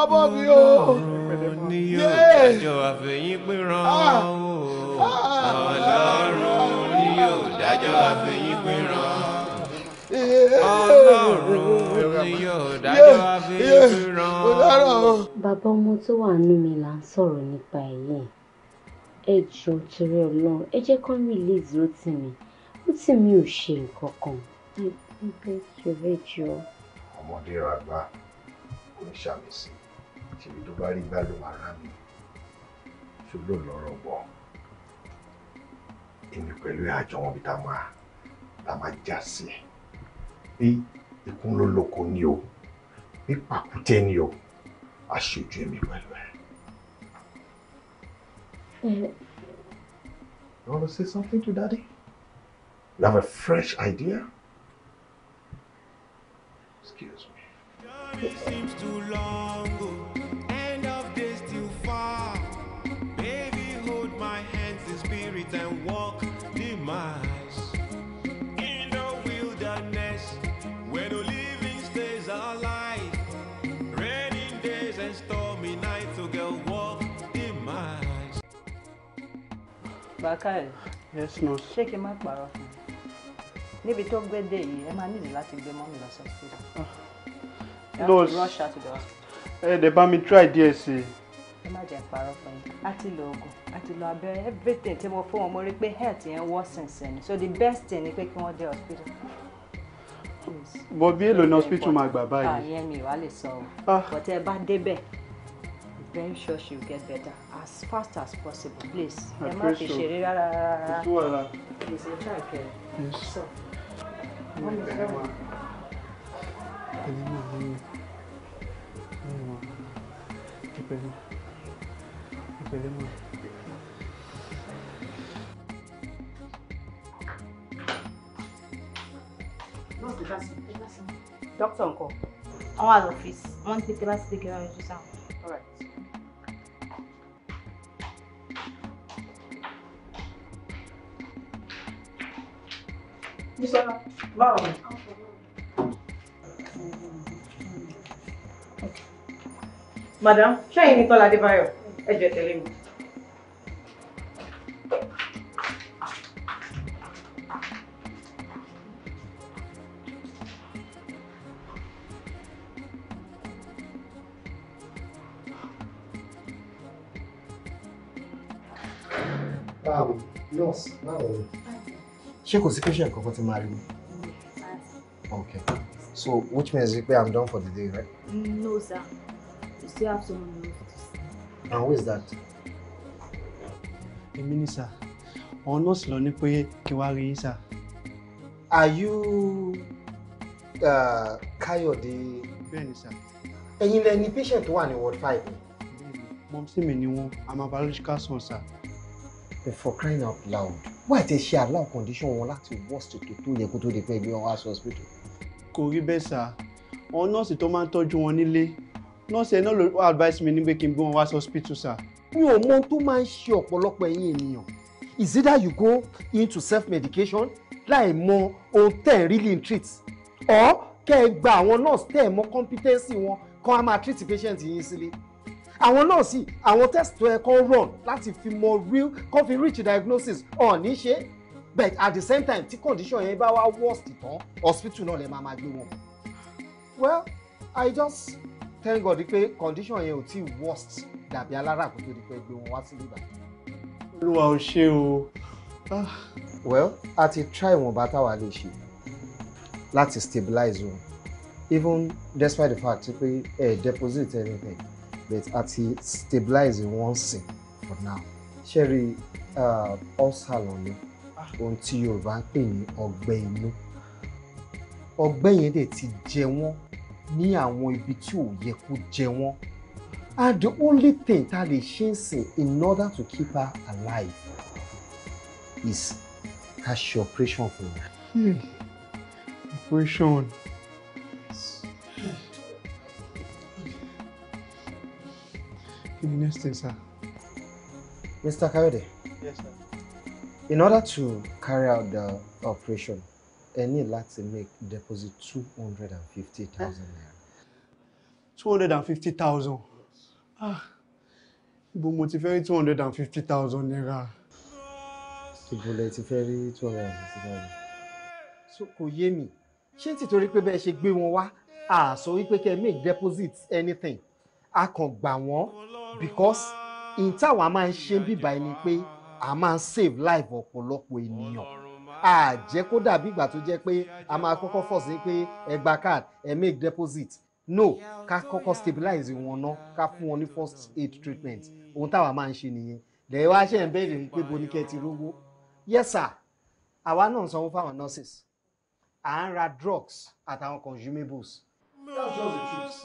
ọmọ mi o. ní ah. ah. yóò dájọ́ àfẹ̀yìn pínran ọlọ́run ní yóò dájọ́ àfẹ̀yìn pínran ọlọ́run bàbá ọmọ tó wà nù mí là ń sọ̀rọ̀ nípa èyí ẹ jọ torí ọlọ́run ẹ jẹ́ kán release Rótìmí Rótìmí ò ṣe nǹkan kan ẹ jọ ẹ jọ. ọmọdé ra gbá kò ní ṣàmì sí ṣèlú tó bá rí gbá ló máa rán mi ṣòlò lọ́rọ̀ gbọ́ èmi pẹ̀lú àjọ wọn bí tá a já sí ẹ ikún ló lóko ni o ní pàkúté ni o aṣojú mi pẹ̀lú ẹ. You want to say something to daddy? You have a fresh idea? Excuse me. Journey Bakari. Yes, nurse. Ṣé kí n má pààrọ̀ fún mi? Níbi tó gbé dé yìí, ẹ máa nílò láti gbé mọ́mí lọ hospital. Ah. Nurse. Rush her to the hospital. Ẹ dẹ̀ bá mi try díẹ̀ sí i. Ẹ má jẹ́ ìpààrọ̀ fún mi. A ti lo oògùn, a ti lo abẹ́rẹ́, everything tí mo fún wọn, mo rí pé health yẹn worsen ni. So the best thing ni pé kí wọ́n dé hospital bọ bí èlò ní hospital máa gbà báyìí. àyẹn ah, mi wàá lè sọ o ah. bọ̀tẹ́ ẹ bá débẹ̀ then sure she will get better as fast as possible please I má fi ṣeré please ẹ try kẹ so wọn mi fẹ́ wọn. Ìpẹ̀lẹ́ ìpẹ̀lẹ́ mọ̀. Dókítà nǹkan. Wọ́n wà lọ́fíìsì, wọ́n ti tẹ́lá sí tẹ́lá ọjọ́ sáwọn. All right. Bísọ́lá, báwo ni? Madam, ṣẹ́yìn ni Tọ́lá Adébáyọ̀, ẹ jẹ́ tẹ̀lé mi. Báwo, nọ́ọ̀sì, ṣé kò sí patient kankan tí máa rí mi. okay so which means pé i'm done for the day right. no sir you still have some more to see. and where is that. èmi ni sà àwọn nọ́ọ̀sì lọ ní pé kí wàá rí yín sà. are you uh, Káyọ̀dé. bẹ́ẹ̀ ni sà. ẹ̀yin lẹ ni patient wà ní ward five. bẹ́ẹ̀ ni mọ̀mísí mi ni wọ́n i'm a biological son sir. Before crying out loud wáyé tẹ ṣe allow condition wọn láti worst òkè tó yẹ kó tó lè fẹ́ gbé wọn wá sí hospital. kò rí bẹ́ẹ̀ sà àwọn nọ́ọ̀sì tó máa ń tọ́jú wọn nílé nọ́ọ̀sì ẹ̀ náà ló advice mi ní pé kí n gbé wọn wá sí hospital sà. mi ò mọ ohun tó máa ń ṣe ọ̀pọ̀lọpọ̀ ẹ̀yin ènìyàn is that you go into self medication láì mọ ohun tẹ̀ ń really treat or kẹ́ ẹ gba àwọn nurse tẹ̀ mọ competency wọn kan á máa treat patient yín sílé àwọn náà sì àwọn test tó yẹ kó run láti fi mọ real kó fi reach diagnosis ọ̀ ní ṣe but at the same time tí condition yẹn bá wá worst tán hospital náà lè máa máa gbé wọn. well i just thank god pé condition yẹn ò tí worst dàbí alára kó tó di pé gbé wọn wá sí ibà. olúwa ò ṣe o. Ah. well a ti try ìwọ̀nba táwa lè ṣe láti stabilize wọn even despite the fact pé ẹ deposit anything but àti stabilize one sìn for now ṣẹ́rí ọ̀sàlọ̀ uh, ni ohun tí Yorùbá ń pè ní ọgbẹ́ inú ọgbẹ́ yẹn dẹ̀ ti jẹ wọ́n ní àwọn ibi tí ò yẹ kó jẹ wọ́n and the only thing ta lè ṣe ń sìn in order to keep her alive is cash ṣe operation fún un. Hmm. operation. the next Mr. Kayode. Yes, sir. In order to carry out the operation, ẹ ní láti make deposit two hundred and fifty thousand naira. two hundred and fifty thousand ah ibu mo ti two hundred and fifty thousand naira. ibo lẹ ti two hundred so Koyemi, yé mi ṣé nítorí pé bẹ́ẹ̀ ṣe gbé wọn wá àsọ make deposit anything a kàn gbà wọ́n because in táwa máa ń ṣe bíbá ẹni pé a máa ń save life ọ̀pọ̀lọpọ̀ ènìyàn a jẹ́ kó dàbí ìgbà tó jẹ́ pé a máa kọ́kọ́ fọ̀ sí pé ẹ gba card ẹ make deposit no ká kọ́kọ́ stabilize wọn ná ká fún wọn ní first aid treatment ohun táwa máa ń ṣe nìyẹn lẹ́yìn wá ṣe ń bẹ̀rẹ̀ ní pé boníkẹ́ ti rówó yes sir àwa náà ń sanwó fáwọn nurses à ń ra drugs àtàwọn consumables that's just the truth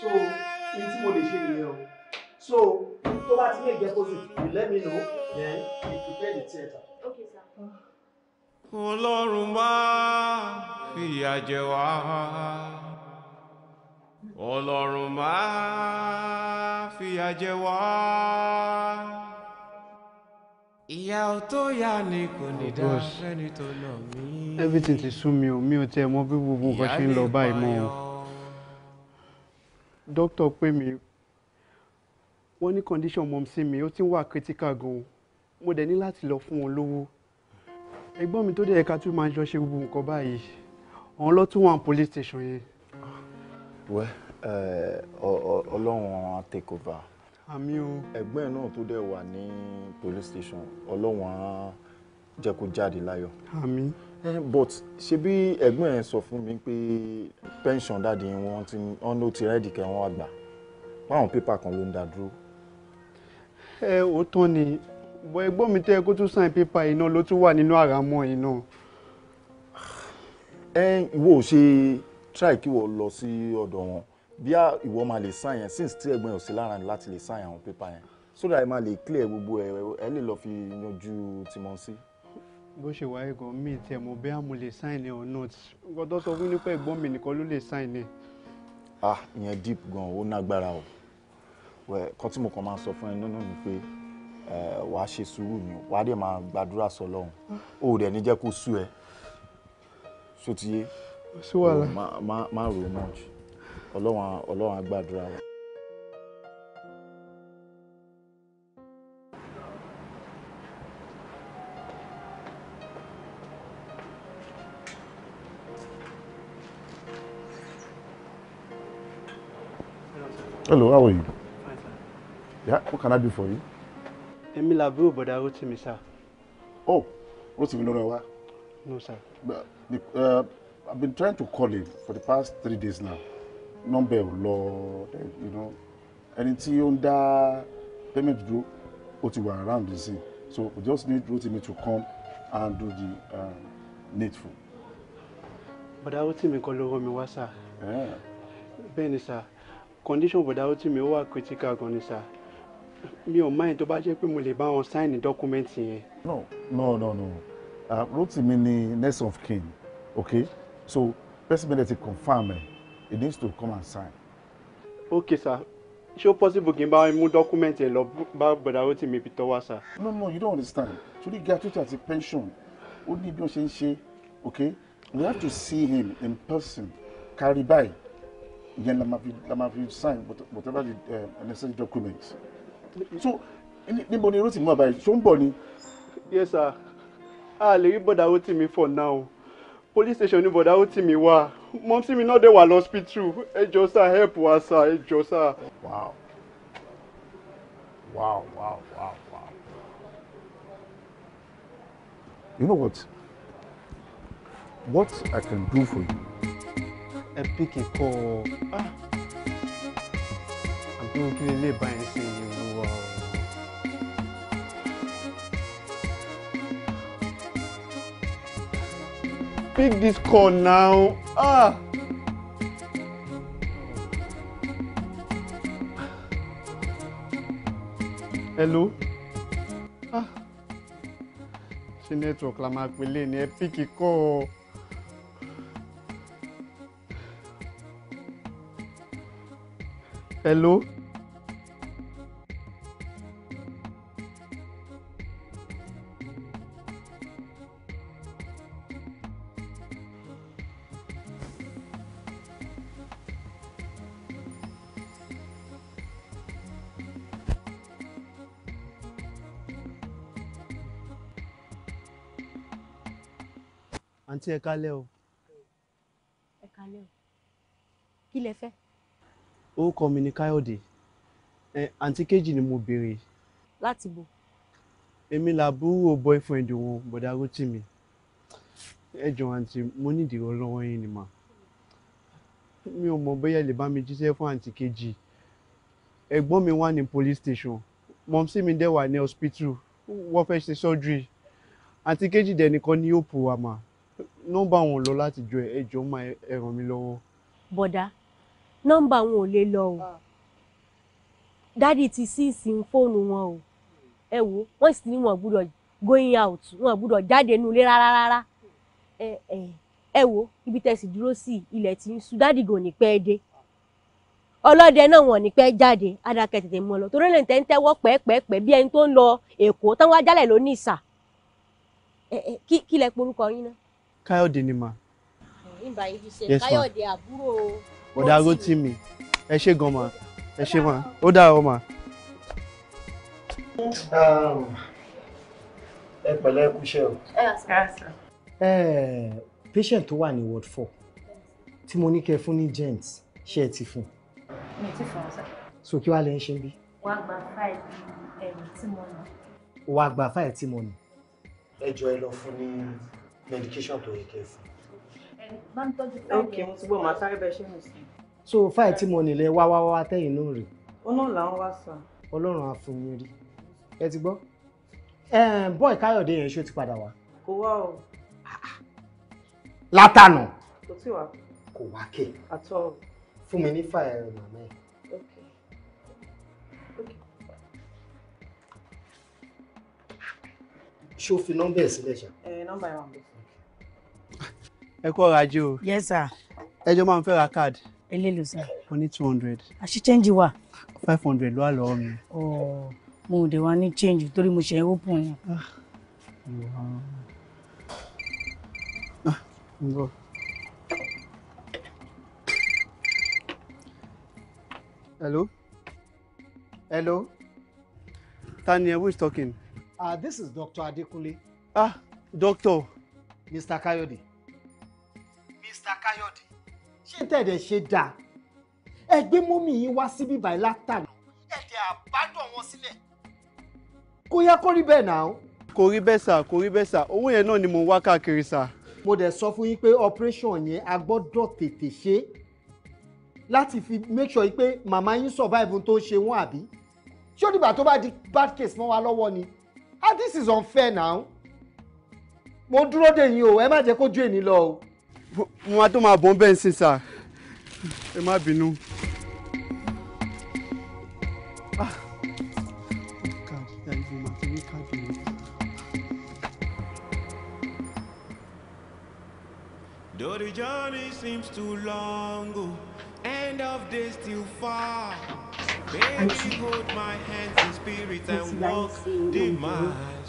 so ní tí mo lè ṣe nìyẹn so tó bá ti lè jẹ́ positive you let me know then we prepare the theatre. okay sir. ọlọ́run bá fìyà jẹ wá ọlọ́run má fìyà jẹ wá ìyà ò tó yá ni kò ní dá sẹ́ni tó lọ mí. everything ti sú mi o mi ò tiẹ̀ mọ bí gbogbo nǹkan ṣe ń lọ báyìí mọ́ Doctor, pè mí wọ́n ní condition mọ̀ sí mi ó ti ń wà critical gan-an mo dẹ̀ ní láti lọ fún wọn lówó ẹ̀gbọ́n mi tó dẹ̀ ẹ̀ka tún máa ń lọ ṣe gbogbo nǹkan báyìí àwọn lọ́tún wà ní police station yẹn. wẹ́ eh, ọlọ́run á take over. àmì o. ẹ̀gbọ́n náà tó dẹ̀ wà ní police station ọlọ́run á jẹ́ kó jáde láyọ̀. àmì. Eh, but ṣebí ẹ̀gbọ́n ẹ̀ sọ fún mi pé pension dáàdi wọn ti wọn ti rẹ́ẹ̀dì kẹ́ wọn àgbà báwọn pépà kan ló ń dá dúró. ẹ ò tán ni bọ ẹ̀gbọ́n mi tẹ kó tún sign pépà iná ló tún wà nínú àràmọ iná. ẹ eh, ìwọ ò ṣe try kí wọ́n lọ sí ọ̀dọ̀ wọn bí ìwọ máa lè sign yẹn since tí ẹ̀gbọ́n ẹ̀ ò sí lára láti lè sign àwọn pépà yẹn so that ẹ máa lè clear gbogbo ẹ ẹ lè lọ fi yanjú tìmọ̀ sí bó ṣe wáyé gan mí tẹ mo bẹ́ẹ̀ mo lè sign or not nǹkan tó sọ fún nípa ẹ̀gbọ́n mi nìkan ló lè sign ah ìyẹn deep gan ó nágbára o kan tí mo kàn máa sọ fún ẹ nínú ni pé wàá ṣe sùúrù ni wàá dẹ̀ máa gbàdúrà sọ lọ́hùn ó rẹ̀ ní jẹ́ kó sú ẹ sotiye má ro much ọlọ́wọ́n á gbàdúrà wa. Hello, how are you? Fine, sir. Yeah, what can I do for you? but I làbúrò to Rótìmí, sir. Oh, Rótìmí ló rán wa? No, sir. But, uh, I've been trying to call him for the past three days now. Number ò you know. Ẹni tí ó ń payment dúró, ó ti wà around the scene. So we just need Rótìmí to come and do the um, needful. Bọ̀dá Rótìmí kọ́ ló rán mi wá, sir. Yeah. Bẹ́ẹ̀ sir condition bọ̀dá ó tì mí ó wà critical gan ni sà mi ò mind tó bá jẹ́ pé mo lè bá wọn sign document yẹn. no no no no uh, Rotimi ni next of kin okay so person need to confirm ẹ̀ he needs to come and sign. okay sir ṣé ó possible kí n bá mú document yẹn lọ bá bọ̀dá ó tì mí fi tọ́wọ́ sir. no no you don't understand torí gratuity àti pension ó ní bí wọ́n ṣe ń ṣe okay we have to see him in person carry by ìyẹn la máa fi la máa fi sign whatever the uh, necessary documents. so níbo ni rotin mú àbáyé ṣó ń bọ̀ ni. yes sir a lè rí bọ̀dà Rotimi for now police station ni bọ̀dà Rotimi wà mọ́mísí mi náà dé wà lọ́spítù ẹ jọ̀ọ́ sir help wa sir ẹ jọ̀ọ́ sir. wow wow wow wow wow you know what what I can do for you epic kọ́ ah! àbúrò kí lè lè bá ṣe ìlú wa o. pick this call now. Ah. Hello. Ah. Ṣé network la máa pè lé ní ẹ píkì ọ? hello. àǹtí ẹ kálẹ́ o. ẹ kálẹ́ o kí lẹ fẹ́ orúkọ mi ni káyọ̀dé àǹtí kejì ni mo béèrè. láti bò. èmi làbúrò boyfriend wọn bọ̀dá Rótìmí ẹ jọ àǹtí mo nídìí ọlọ́wọ́ yín ni mà mi ò mọ̀ bóyá lè bá mi jíṣẹ́ fún àǹtí kejì ẹ̀gbọ́n mi wà ní police station mọ̀mísí mi dẹ̀ wà ní hospital wọ́n fẹ́ ṣe surgery àǹtí kejì dẹ̀ nìkan ni yóò pò wá mà nọ́mbà wọn lọ láti jọ ẹ jọ máa ẹ ràn mí lọ́wọ́. bọ̀dá nọ́mbà wọn ò lè lọ o ah. dádì ti sí ìsìn fóònù wọn o ẹ wo wọ́n sì ní wọn gbúdọ̀ going out wọn gbúdọ̀ jáde nínú ilé rárá rárá ẹ ẹ ẹ wo ibi tẹ̀sí dúró sí ilẹ̀ tí ń ṣú dádì gò ní pẹ́ dé ọlọ́dẹ náà wọ̀n ní pẹ́ jáde adakẹ́ tètè mọ́ lọ torí lẹ́yìn tẹ́ ń tẹ́wọ́ pẹ́ẹ́pẹ́ẹ́pẹ́ bí ẹni tó ń lọ èkó táwọn ajálẹ̀ ló ní ìsà kí lẹ porúkọ yín náà. káyọ̀dé ni mà. ìbàyìí ti ṣe káyọ̀dé àbúrò bọ̀dá Rótìmí ẹ ṣé gan ma ẹ ṣé ma ó dàárọ̀ ma. Um, ẹ pẹ̀lẹ́ kú iṣẹ́ o. patient tó wà ní ward four tí mo ní kẹ́ fún ní gent ṣé ẹ ti fún. mi ti fún ọ sá. so kí wàá lè ń ṣe bí. wàá gba fáìlì ẹ̀rù um, tí mo nà. wàá gba fáìlì tí mo nà. ẹ jọ ẹ lọ fún ní medication tó yẹ kẹ́ fún ok mo ti gbọ́ màá sáré bẹ ṣé mi sí. so fáìlì tí mo nílẹ̀ wá wá wá tẹ̀yìn náà rè. ó náà làwọn wá sàn. ọlọ́run á fún yín rí ẹ ti gbọ́. bọ́ọ̀ káyọ̀dé yẹn ṣó ti padà wá. kò wá o. látànà. kò tí wá. kò wá kè. àtọ. fún mi ní fáìlì màmá ẹ. ṣó fi nọ́mbà ẹ̀ sílẹ̀ ṣá. ẹ eh, nọ́mbà ẹ̀ wà ń bẹ̀ ẹ kọ́ ra jẹ́ o. yes sir. ẹjọ́ máa ń fẹ́ ra card. eléèlò sir. mo ní two hundred. àṣì change wa. five hundred ló wà lọ́wọ́ mi. Oh, mo ò dé wá ní change torí mo ṣe open yẹn. Ah, ah, hello hello tania who is talking. Uh, this is Dr. Adekunle. ah doctor. Mr. Kayode. Mr. Kayode, ṣé tẹ̀dẹ̀ ṣe dáa ẹ gbé mọ́mì yín wá síbí báyìí látàrí ẹ̀dẹ̀ àbádọ̀ wọn sílẹ̀ kò yẹ kó rí bẹ́ẹ̀ náà. kò rí bẹ́ẹ̀ sà kò rí bẹ́ẹ̀ sà owó yẹn náà ni mo wá káàkiri sà. mo dẹ̀ sọ fún yín pé operation yẹn a gbọ́dọ̀ tètè ṣe láti fi make sure pé màmá yín survive tó ṣe wọ́n àbí ṣé ó dìgbà tó bá di bad case mọ́ wa lọ́wọ́ ni ah this is unfair now mo dúró dè yín o ẹ má jẹ́ kó ju èmi lọ o mo máa tó máa bọ́n bẹ́ẹ̀ sìn sà ẹ má bínú. Ah. Though the journey seems too long, oh, end of day still far. Baby, hold my hands in spirit and walk the miles.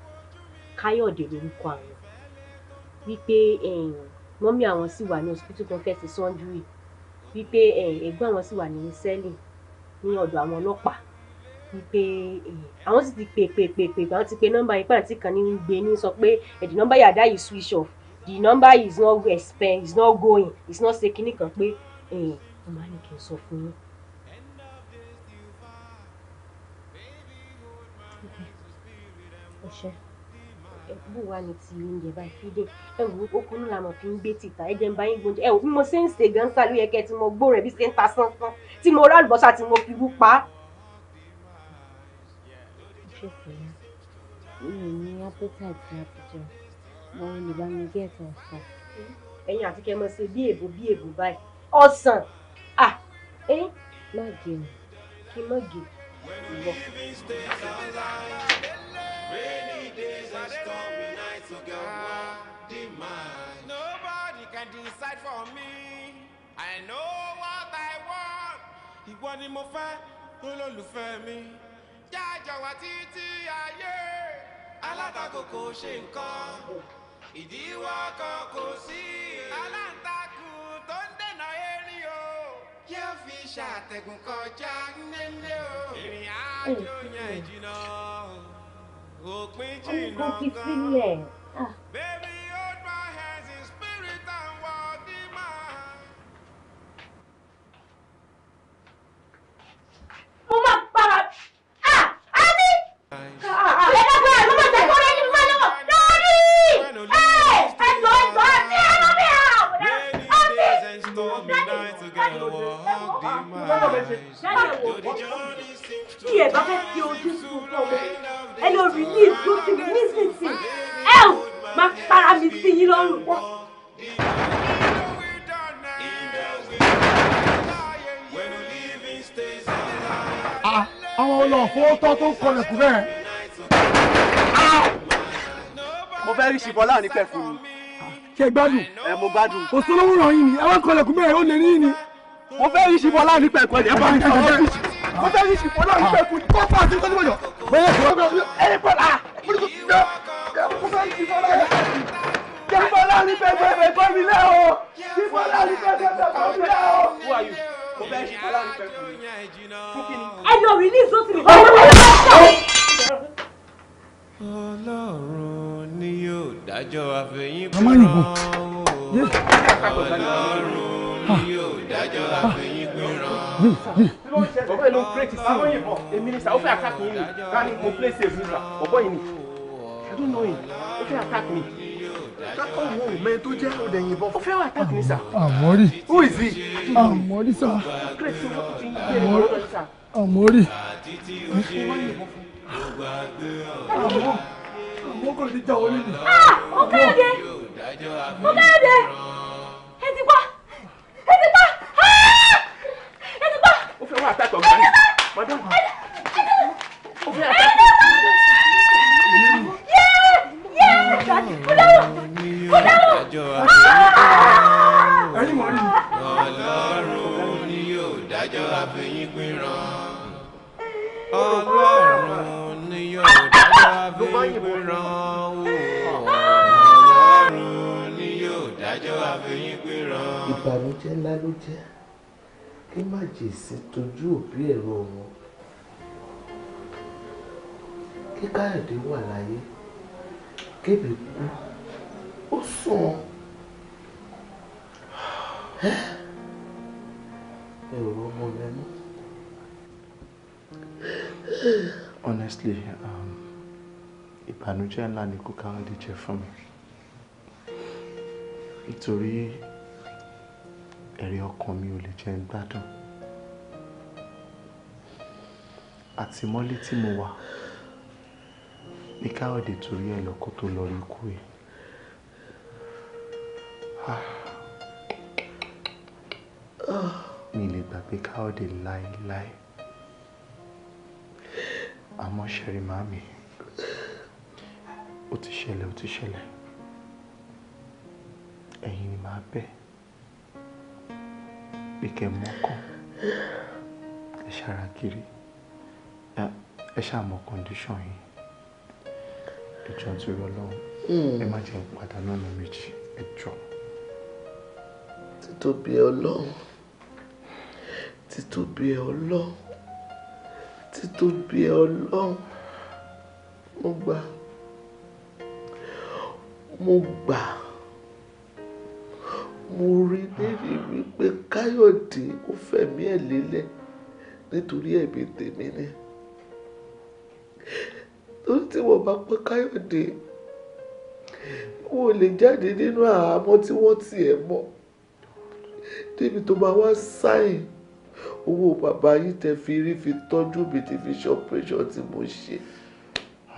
Káyọ̀dé lórúkọ àwọn wípé eh, mọ́mí àwọn sì wà ní hospital tó ń fẹ́ ṣe surgery wípé eh, ẹ̀gbọ́n àwọn sì wà ní sẹ́ẹ̀lì ní ọ̀dọ̀ àwọn ọlọ́pàá wípé eh, àwọn sì ti pè pè pè pè àwọn ti pe nọ́mbà yìí pàǹtí kan ní gbé ní sọ pé the number you dial is switch off the number is not expend is not going is not ṣe kinní kan pé wọ́n máa ní kí n sọ fún yín. Okay. Okay bó wà ní ti oúnjẹ báyìí fídè ẹ wò ó kúnú la mọ̀ fi ń gbé tìta ẹ jẹ́ ń bá yín gbóúnjẹ ẹ wò bí mo ṣe ń ṣe gan sa yẹ kẹ́ tí mo gbó rẹ̀ bí ṣe ń ta sánsán tí mo rá àlùbọ́sà tí mo fi wú pa ṣé kò mi ò ní appetite àtijọ́ mo lè bá mi gé ẹ̀tàn ọ̀sán. ẹ̀yin àti kẹ́ ṣe bí èbó bí èbó báyìí ọ̀sán ah ẹ má gé mi kí n má gé ìwọ. ìwọ ni mo fẹ́ tó lólùfẹ́ mi. jájọ wá títí ayé alátakò kò ṣe nǹkan ìdíwọ́ kan kò sí. aláǹtakùn tó ń dènà eré o yóò fi ṣàtẹ̀gùn kọjá nílé o. ìrìn àjò yẹn jìnnà òpin jìnnà gan. ní pẹ̀fún ni. Ah, ṣe gbádùn. ẹ mo gbádùn. kò sólówó yín ni ẹ wá kọlẹ̀ kún mẹ́rin ó lè ní yín ni. mo fẹ́ yí ṣìbọn láàrin pẹ̀kún ẹ̀ bá mi sọ ọ́ fíìsì. mo fẹ́ yí ṣìbọn láàrin pẹ̀kún kó fà sí kó síbọ̀jọ̀. bẹ́ẹ̀ ni ẹni pẹ̀lá mo ní kó fẹ́ yí ṣìbọn láàrin pẹ̀kún ṣìbọn láàrin pẹ̀kún ẹ̀ bá mi lẹ́ o. ṣìbọn láàrin pẹ̀kún ẹ̀ bá mi lẹ́ o. who are you? mo fẹ́ ṣìbọn láàrin mama yìnbọn yé bọ́bọ́ yìí ló ń kírètì sí o èmi ni sà ó fẹ́ attack mi ni ká mo play safe nígbà bọ́bọ́ yìí ni I don't know him ó fẹ́ attack mi kákọ́ wo mẹ tó jẹ́ òde yìnbọn ó fẹ́ attack mi sà. àmọ́rí who is he. àmọ́rí sà àmọ́rí àmọ́rí mo kò ní jà wọlé ni. ó káyọ̀dé ó káyọ̀dé ẹ ti pa ẹ ti pa ẹ ti pa. ó fẹ́ wá àtàkọ̀ gbà ní madam ó fẹ́ àtàkọ̀. ó dáwọ́ ó dáwọ́. ẹni mọ̀ ni. ọlọ́run ni yóò dájọ́ àfẹ̀yìn pín ràn ọlọ́run yóò dájọ́ àfẹ́yìnpẹ̀ràn o ọlọ́run ni yóò dájọ́ àfẹ́yìnpẹ̀ràn. ìbànújẹ́ ńlá ló jẹ́ kí májèsí tójú òbí ẹ̀rọ wọn kí káyọ̀dé wà láyé kébì kú ó sùn ẹ ò rọ ọmọ rẹ mọ́ honestly um, ìbànújẹ́ ńlá ni kú káwádé jẹ́ fún mi nítorí ẹ̀rí ọkàn mi ò lè jẹ́ ń gbádùn àtìmọ́lé tí mo wà ní káwádé torí ẹ̀ lọ́kọ́ tó lọ rí kú ẹ̀ mi lè gbàgbé káwádé láéláé àmọ́ ṣẹ̀rí màmí ó ti ṣẹlẹ̀ ó ti ṣẹlẹ̀ ẹ̀yin ni màá bẹ̀ pé kẹ́ mọ́kàn ẹ ṣara kiri ẹ ṣàmọ́ kọ́ndíṣọ̀n yìí ìjọ tí ó lọ́wọ́ ẹ má jẹ́ ìpàdánù ọ̀nà méjì ẹ jọ. títóbi ọlọ́run títóbi ọlọ́run títóbi ẹ ọlọ́run mo gbà mo gbà mo rí lérí wípé káyọ̀dé ó fẹ̀mí ẹ̀ lélẹ̀ nítorí ẹ̀mí tèmi ni torí tí wọ́n bá pẹ́ káyọ̀dé wọ́n lè jáde nínú àhámọ́ tí wọ́n tiẹ̀ mọ́ débi tó máa wá sáyìn owó bàbá yìí tẹ fi rí fi tọ́jú mi ti fi ṣe operation tí mo ṣe.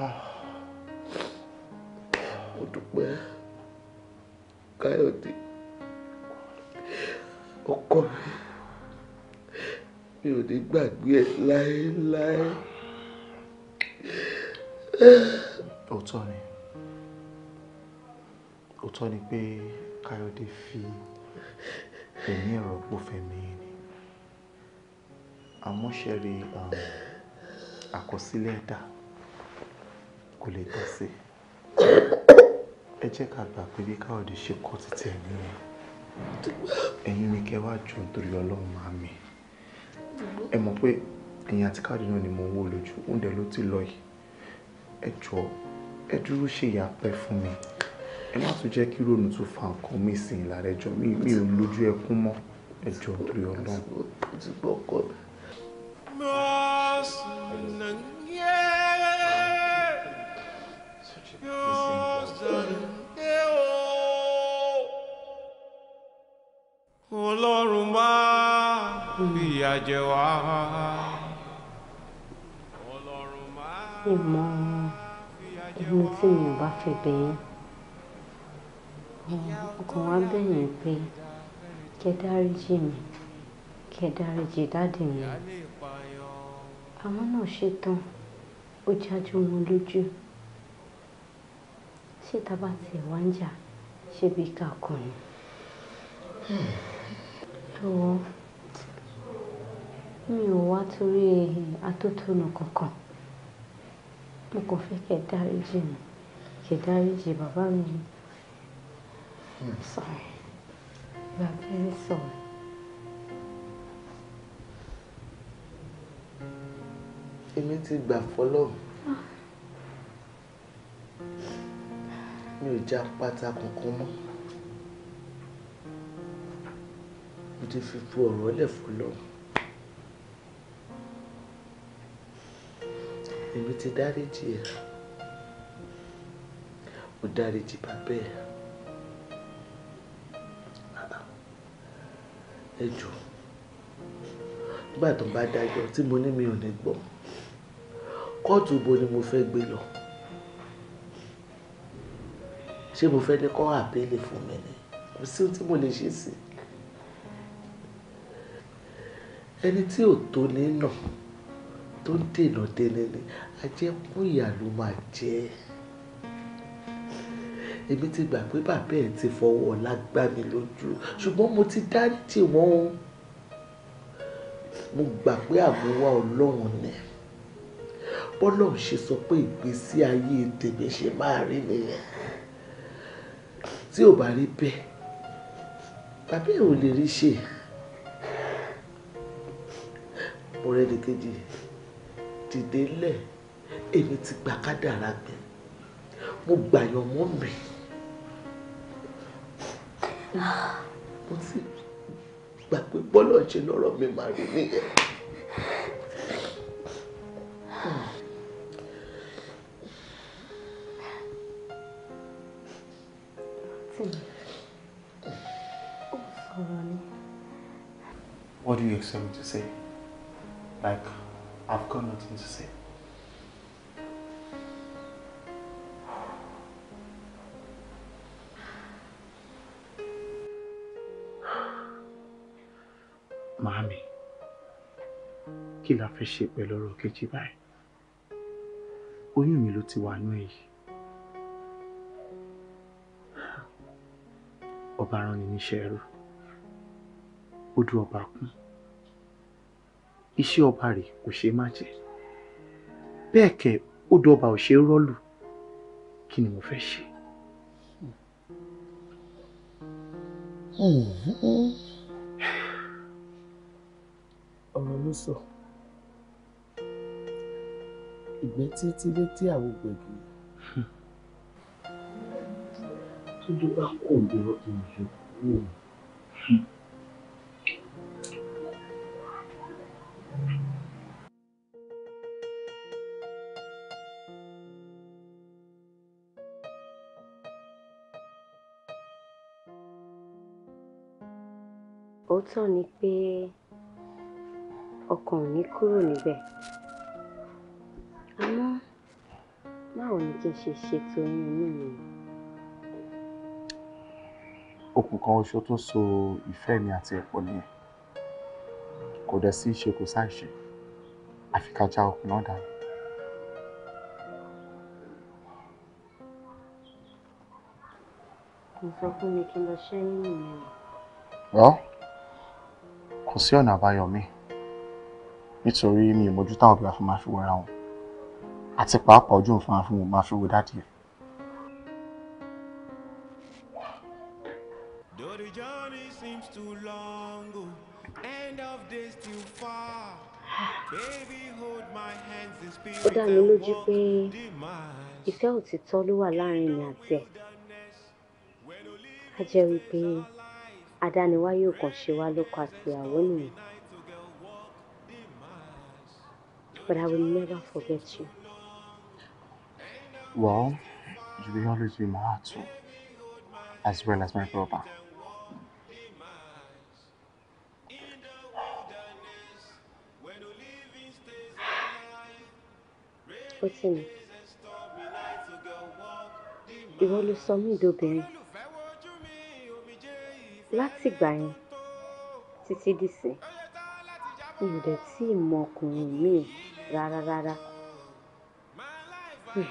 Ah, mo dúpẹ́ káyọ̀dé ọkọ mi mi ò ní gbàgbé ẹ láéláé. òótọ́ ni òótọ́ ni pé káyọ̀dé fi ẹ̀mí ẹ̀rọ pò fẹ́mi ni àmọ́ṣẹ́rí um, àkọsílẹ̀ ẹ̀dá kò lè tọ́ sí ẹ jẹ́ ká gbà pé bí káwọ́dé ṣe kọ́ títí ẹ̀ nìyẹn ẹ̀yin ni kẹ́ wá jù nítorí ọlọ́run máa mi ẹ mọ̀ pé ẹ̀yin àti káwọ́dé náà ni mo wó lójú oúnjẹ ló ti lọ yìí ẹ jọ ẹ dúró ṣe ìyàpẹ́ fún mi ẹ má tún jẹ́ kí rònú tún fa nǹkan mi sìn lára ẹjọ́ mi ò lójú ẹkún mọ́ ẹjọ́ nítorí ọlọ́run ọlọ́run má fìyà jẹ wá. ọlọ́run má fìyà jẹ wá. ìmọ̀ ohun tí mi ò bá fi bẹ̀yìn ọkàn wa bẹ̀yìn pé kẹ́ dáríjì mi kẹ́ dáríjì dáàdì mi àwọn náà ṣetán ó jájú wọn lójú ṣé tá a bá tiẹ̀ wá ń jà ṣé bí ká kàn ní. lọ́wọ́ mi ò wá torí atótónu kankan mo kàn fẹ́ kẹ́ dáríjì mi kẹ́ dáríjì bàbá mi. Sorry. Bàbá mi sọ̀rọ̀. èmi ti gbà fọlọ́run ah. mi ò já pátá kankan mọ́ mo ti fi fu ọ̀rọ̀ lẹ̀ fọlọ́run èmi ti dáríjì ẹ̀ mo dáríjì bàbá ẹ̀ ẹ ah, ah. jù nígbà tó ń bá dájọ́ tí mo ní mi ò ní gbọ́ kóòtù bo ni mo fẹ́ gbé lọ ṣé mo fẹ́ ní kọ́ àbẹ́lẹ̀ fún mi ni kò sí ohun tí mo lè ṣe sí ẹni tí ò tó ní nà tó ń dènà délé ni ajẹ́kú ìyà ló máa jẹ́ èmi ti gbà pé bàbá ẹ̀ ti fọwọ́ lágbá mi lójú ṣùgbọ́n mo ti dáríjì wọ́n mo gbà pé àbúwá ọlọ́run ni bọ́lọ̀ ṣe sọ pé ìgbésí ayé tèmi ṣe máa rí nìyẹn tí ò bá rí bẹ́ẹ̀ bàbá ẹ̀ ò lè rí ṣe ọ̀rẹ́ ní kejì dìde lẹ̀ èmi ti gbà kádàrá mi mo gbàyàn mọ́ mi mo ti gbà pé bọ́lọ̀ ṣe lọ́rọ̀ mi máa rí nìyẹn. What do you expect me to say? Like, I've got nothing to say. Màámi, Kila la fẹ́ ṣe pẹ̀lú ọ̀rọ̀ kejì báyìí? Oyún mi ló ti wà nú èyí. Ọba rán ni níṣẹ́ ẹrú. Ó iṣẹ́ ọba rẹ̀ kò ṣe má jẹ́ bẹ́ẹ̀ kẹ́ ó dọba ò ṣe rọ́lù kí ni mo fẹ́ ṣe. ọ̀rọ̀ ló sọ ìgbẹ́ títí létí àwọn gbẹ̀gì tójú bá kò gbọ́dọ̀ ìyókù. òótọ́ ni pé ọkàn ò ní kúrò níbẹ̀ àmọ́ báwo ni kí n ṣe ṣètò oyún inú mi. okùn oṣù tó so ìfẹ́ mi àti ẹ̀pọ̀ nìyẹn kò dẹ̀ sí ṣe kò ṣàìṣe àfi ká já okùn náà dànù. kò sọ fún mi kí n lọ ṣẹ́yìn nìyẹn kò sí ọ̀nà àbáyọ mi nítorí mi ò mójú táwọn ọ̀gá fún máa fi wẹra wọn àti pàápàá ojú òfin àfihàn wọn máa fi wo dáàdì ẹ̀. the journey seems too long, oh, end of days still far. Baby, hold my hands, the spirit. Ó dá mi lójú pé ìfẹ́ òtítọ́ ló wà láàrin mi àti ẹ̀. A jẹ́ wípé àdániwáyé ò kàn ṣe wá lọ́kọ àtìyàwó nìyẹn. But I will never forget you. Well, you will always be my heart too, as well as my brother. Ó tì mí. always ló sọ mí dòbìnrin látìgbà yẹn títí dìsìn mi ò dẹ̀ tí ì mọ ọkùnrin míì rárá rárá. Hmm.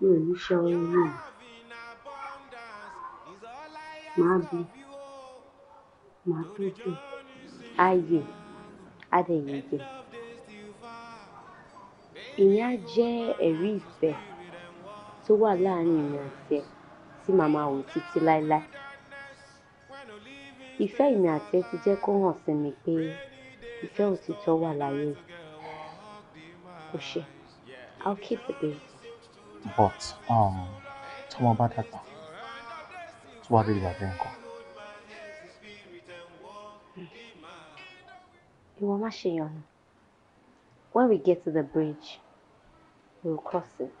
mi ò ní ṣe ọyún náà máa bí máa dúdú ààyè adẹ̀yẹ̀jẹ̀ ìyẹn á jẹ́ ẹ̀rí ìfẹ́ tó wà láàrin ìrìn àti ẹ̀ tí màá máa wò títí láéláé. Ìfẹ́ èmi àti ẹ ti jẹ́ kó hàn sí mi pé ìfẹ́ òtítọ́ wà láyé yìí. ṣe, I'll keep the baby. But um, tọmọ bá dàgbà tó wá bèrè bàbá nǹkan. Ìwọ má ṣe yànnà. When we get to the bridge, we'll cross it.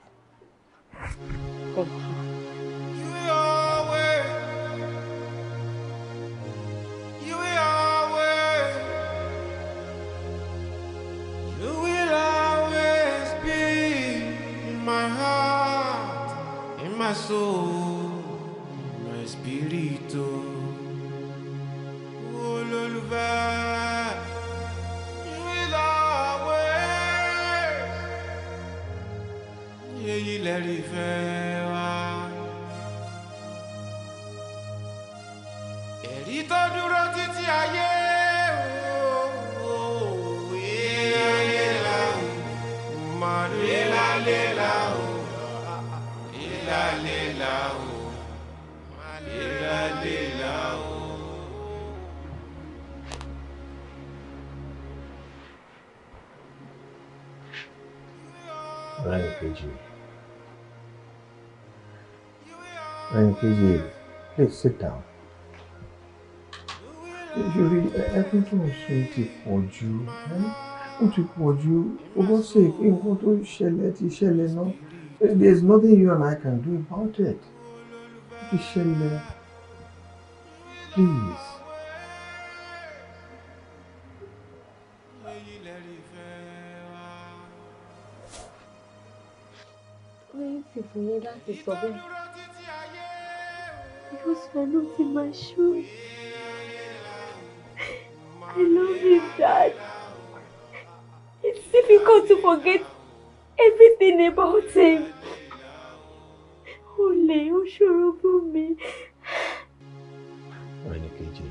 Thank you. sono spirito. Olólùfẹ́ ìlà wẹ̀ yẹ́yí lẹ́rìí fẹ́. Nkejiri, please sit down. Usually, everything is so to pọ̀ jù. Ó ti pọ̀ jù. For God's sake, nǹkan tó ṣẹlẹ̀ ti ṣẹlẹ̀ náà. There is nothing you and I can do about it. Ó Please. Ó yẹ kí fún yín láti sọ Because you're not in I love you, Dad. It's difficult to forget everything about him. Olè, ó ṣòro fún mi. Ọ̀rẹ́nìkejì,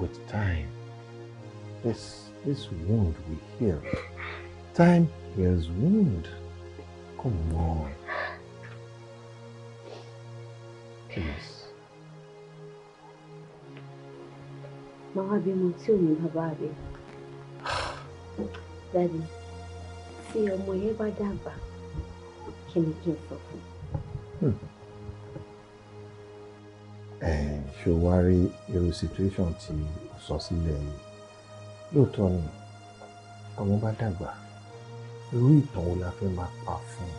with time, this, this wound we heal, time heals wound. Come on. máa wá bímọ tí ò ní bàbá rẹ̀ dádì tí ọmọ yẹn bá dàgbà kí ni kí n sọ fún un. Hmm. ẹ ṣó wá rí irú situation tí o sọ sílẹ̀ yìí lóòótọ́ ni ọmọ bá dàgbà irú ìtàn wo la fẹ́ máa pa fún un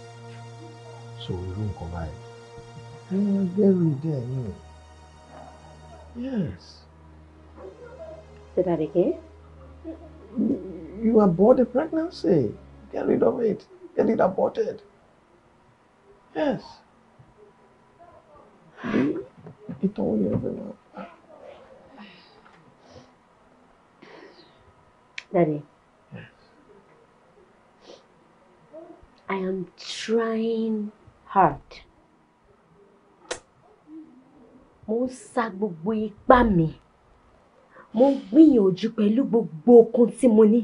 so irú nǹkan báyìí. ẹ bẹ́rù dẹ̀ ni yes. Say that again? You aborted pregnancy. Get rid of it. Get it aborted. Yes. It only everyone. Daddy. Yes. I am trying hard. Mo sa gbogbo ipá mi mo ń gbìyànjú pẹ̀lú gbogbo okun tí mo ní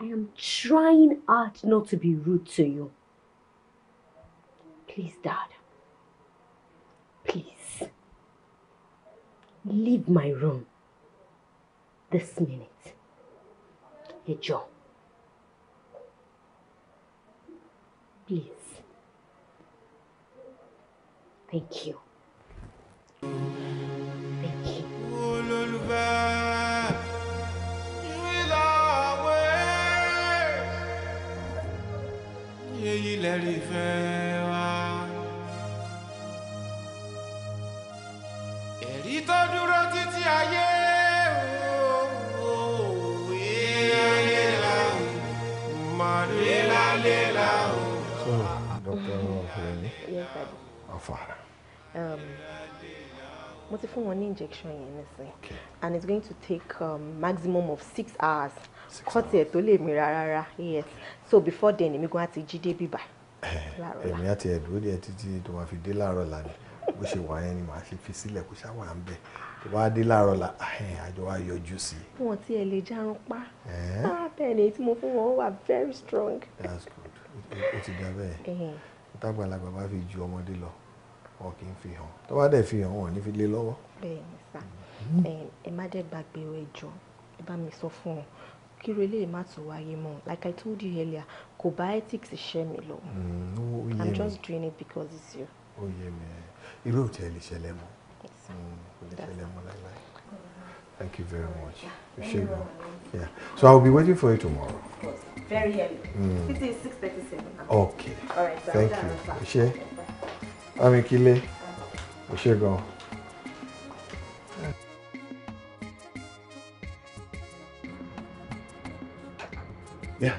I am trying hard not to be rude to you please dad please leave my room this minute ẹ jọ̀ọ́ please thank you. rí fẹ́ wá. ẹ̀rí tó dúró títí ayé òwe ayé la o màdúlá Dr. Ọ̀fẹ́ni Afara. Um, mo ti fún wọn ní injection yẹn nísìn and it's going to take um, maximum of six hours kọ́tì ẹ̀ tó lè mìíràn rárá yes so before then èmi gan-an ti jí dé bíbá èmi àti ẹ̀dúró díẹ̀ títí tó máa fi dé láàárọ̀ là ní bó ṣe wà yẹn ni màá ṣe fi sílẹ̀ kó ṣáà wà ń bẹ̀ tó bá dé láàárọ̀ là àjọ wa yọjú sí i. wọn ti ẹ lè jarun pa ah, bẹ́ẹ̀ ni tí mo fún wọn wà very strong. that's good O ti dá bẹ́ẹ̀ tágbàlagbà bá fi ju ọmọdé lọ wọn kì í fi hàn tó bá dẹ̀ fi hàn wọn ò ní fi lé lọ́wọ́. bẹ́ẹ̀ ni sá hmm. ẹ má dẹ̀ gbàgbé ẹjọ́ ẹ bá mi sọ fún wọn kí irú eléyìí má tún wáyé mọ́ like I told you earlier kò bá ethics mm, iṣẹ́ mi lọ I'm just doing it because it's you. ó yé mi irú òtẹ́ lè ṣẹlẹ̀ mọ́ mm, lè ṣẹlẹ̀ mọ́ Thank you very much. Appreciate Yeah. So I'll be waiting for you tomorrow. Of course. Very early. Mm. It is 6.37 now. Okay. All right. So Thank you. Ẹ I'm Amikile. Ẹ ṣé gan-an. Yeah.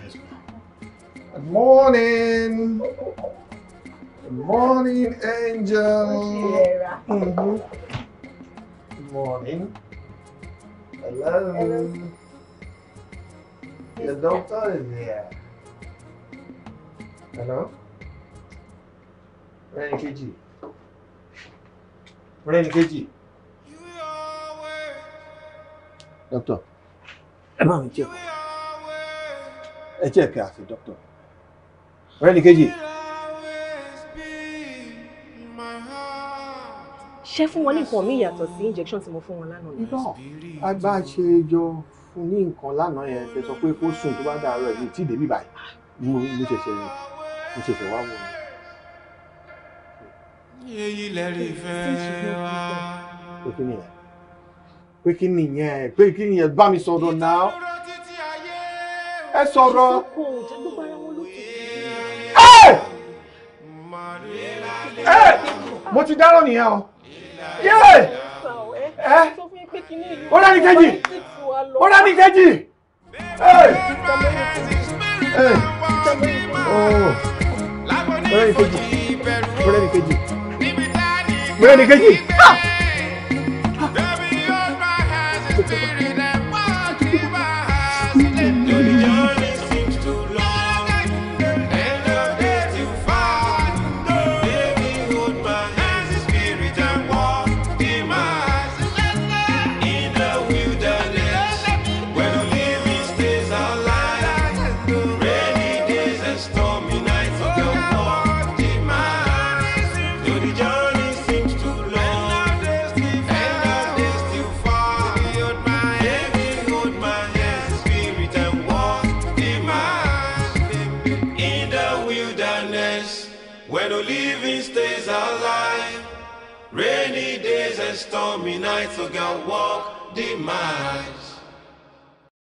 Good morning. Good morning, Angel. Mm -hmm. Good morning. Hello. Hello. Your doctor is here. Hello. Rainy KG. Rainy KG. Doctor. Come check. ẹ jẹ́ ìpè àfi dọ́kítọ̀ ọ̀rẹ́ ní kejì. ṣé fún wọn ní nǹkan mi yàtọ̀ sí injection tí mo fún wọn lánàá. irọ́ agbá ṣe jọ fún ní nǹkan lánàá yẹn fẹ́ sọ pé kó sùn tó bá dàárọ̀ yìí tí dèbí báyìí mo ṣẹ̀ṣẹ̀ mo ṣẹ̀ṣẹ̀ wá wọ̀ èyí lè rí fẹ́ wá. pé kí nìyẹn pé kí nìyẹn pé bá mi sọ̀rọ̀ náà fẹ́ sọ̀rọ̀. mo ti dáràn nìyẹn o. ó rẹ́ ní kejì ó rẹ́ oh. ní kejì. ó rẹ́ ní kejì ó rẹ́ ní kejì ó rẹ́ ní kejì. miles, so go walk the mile.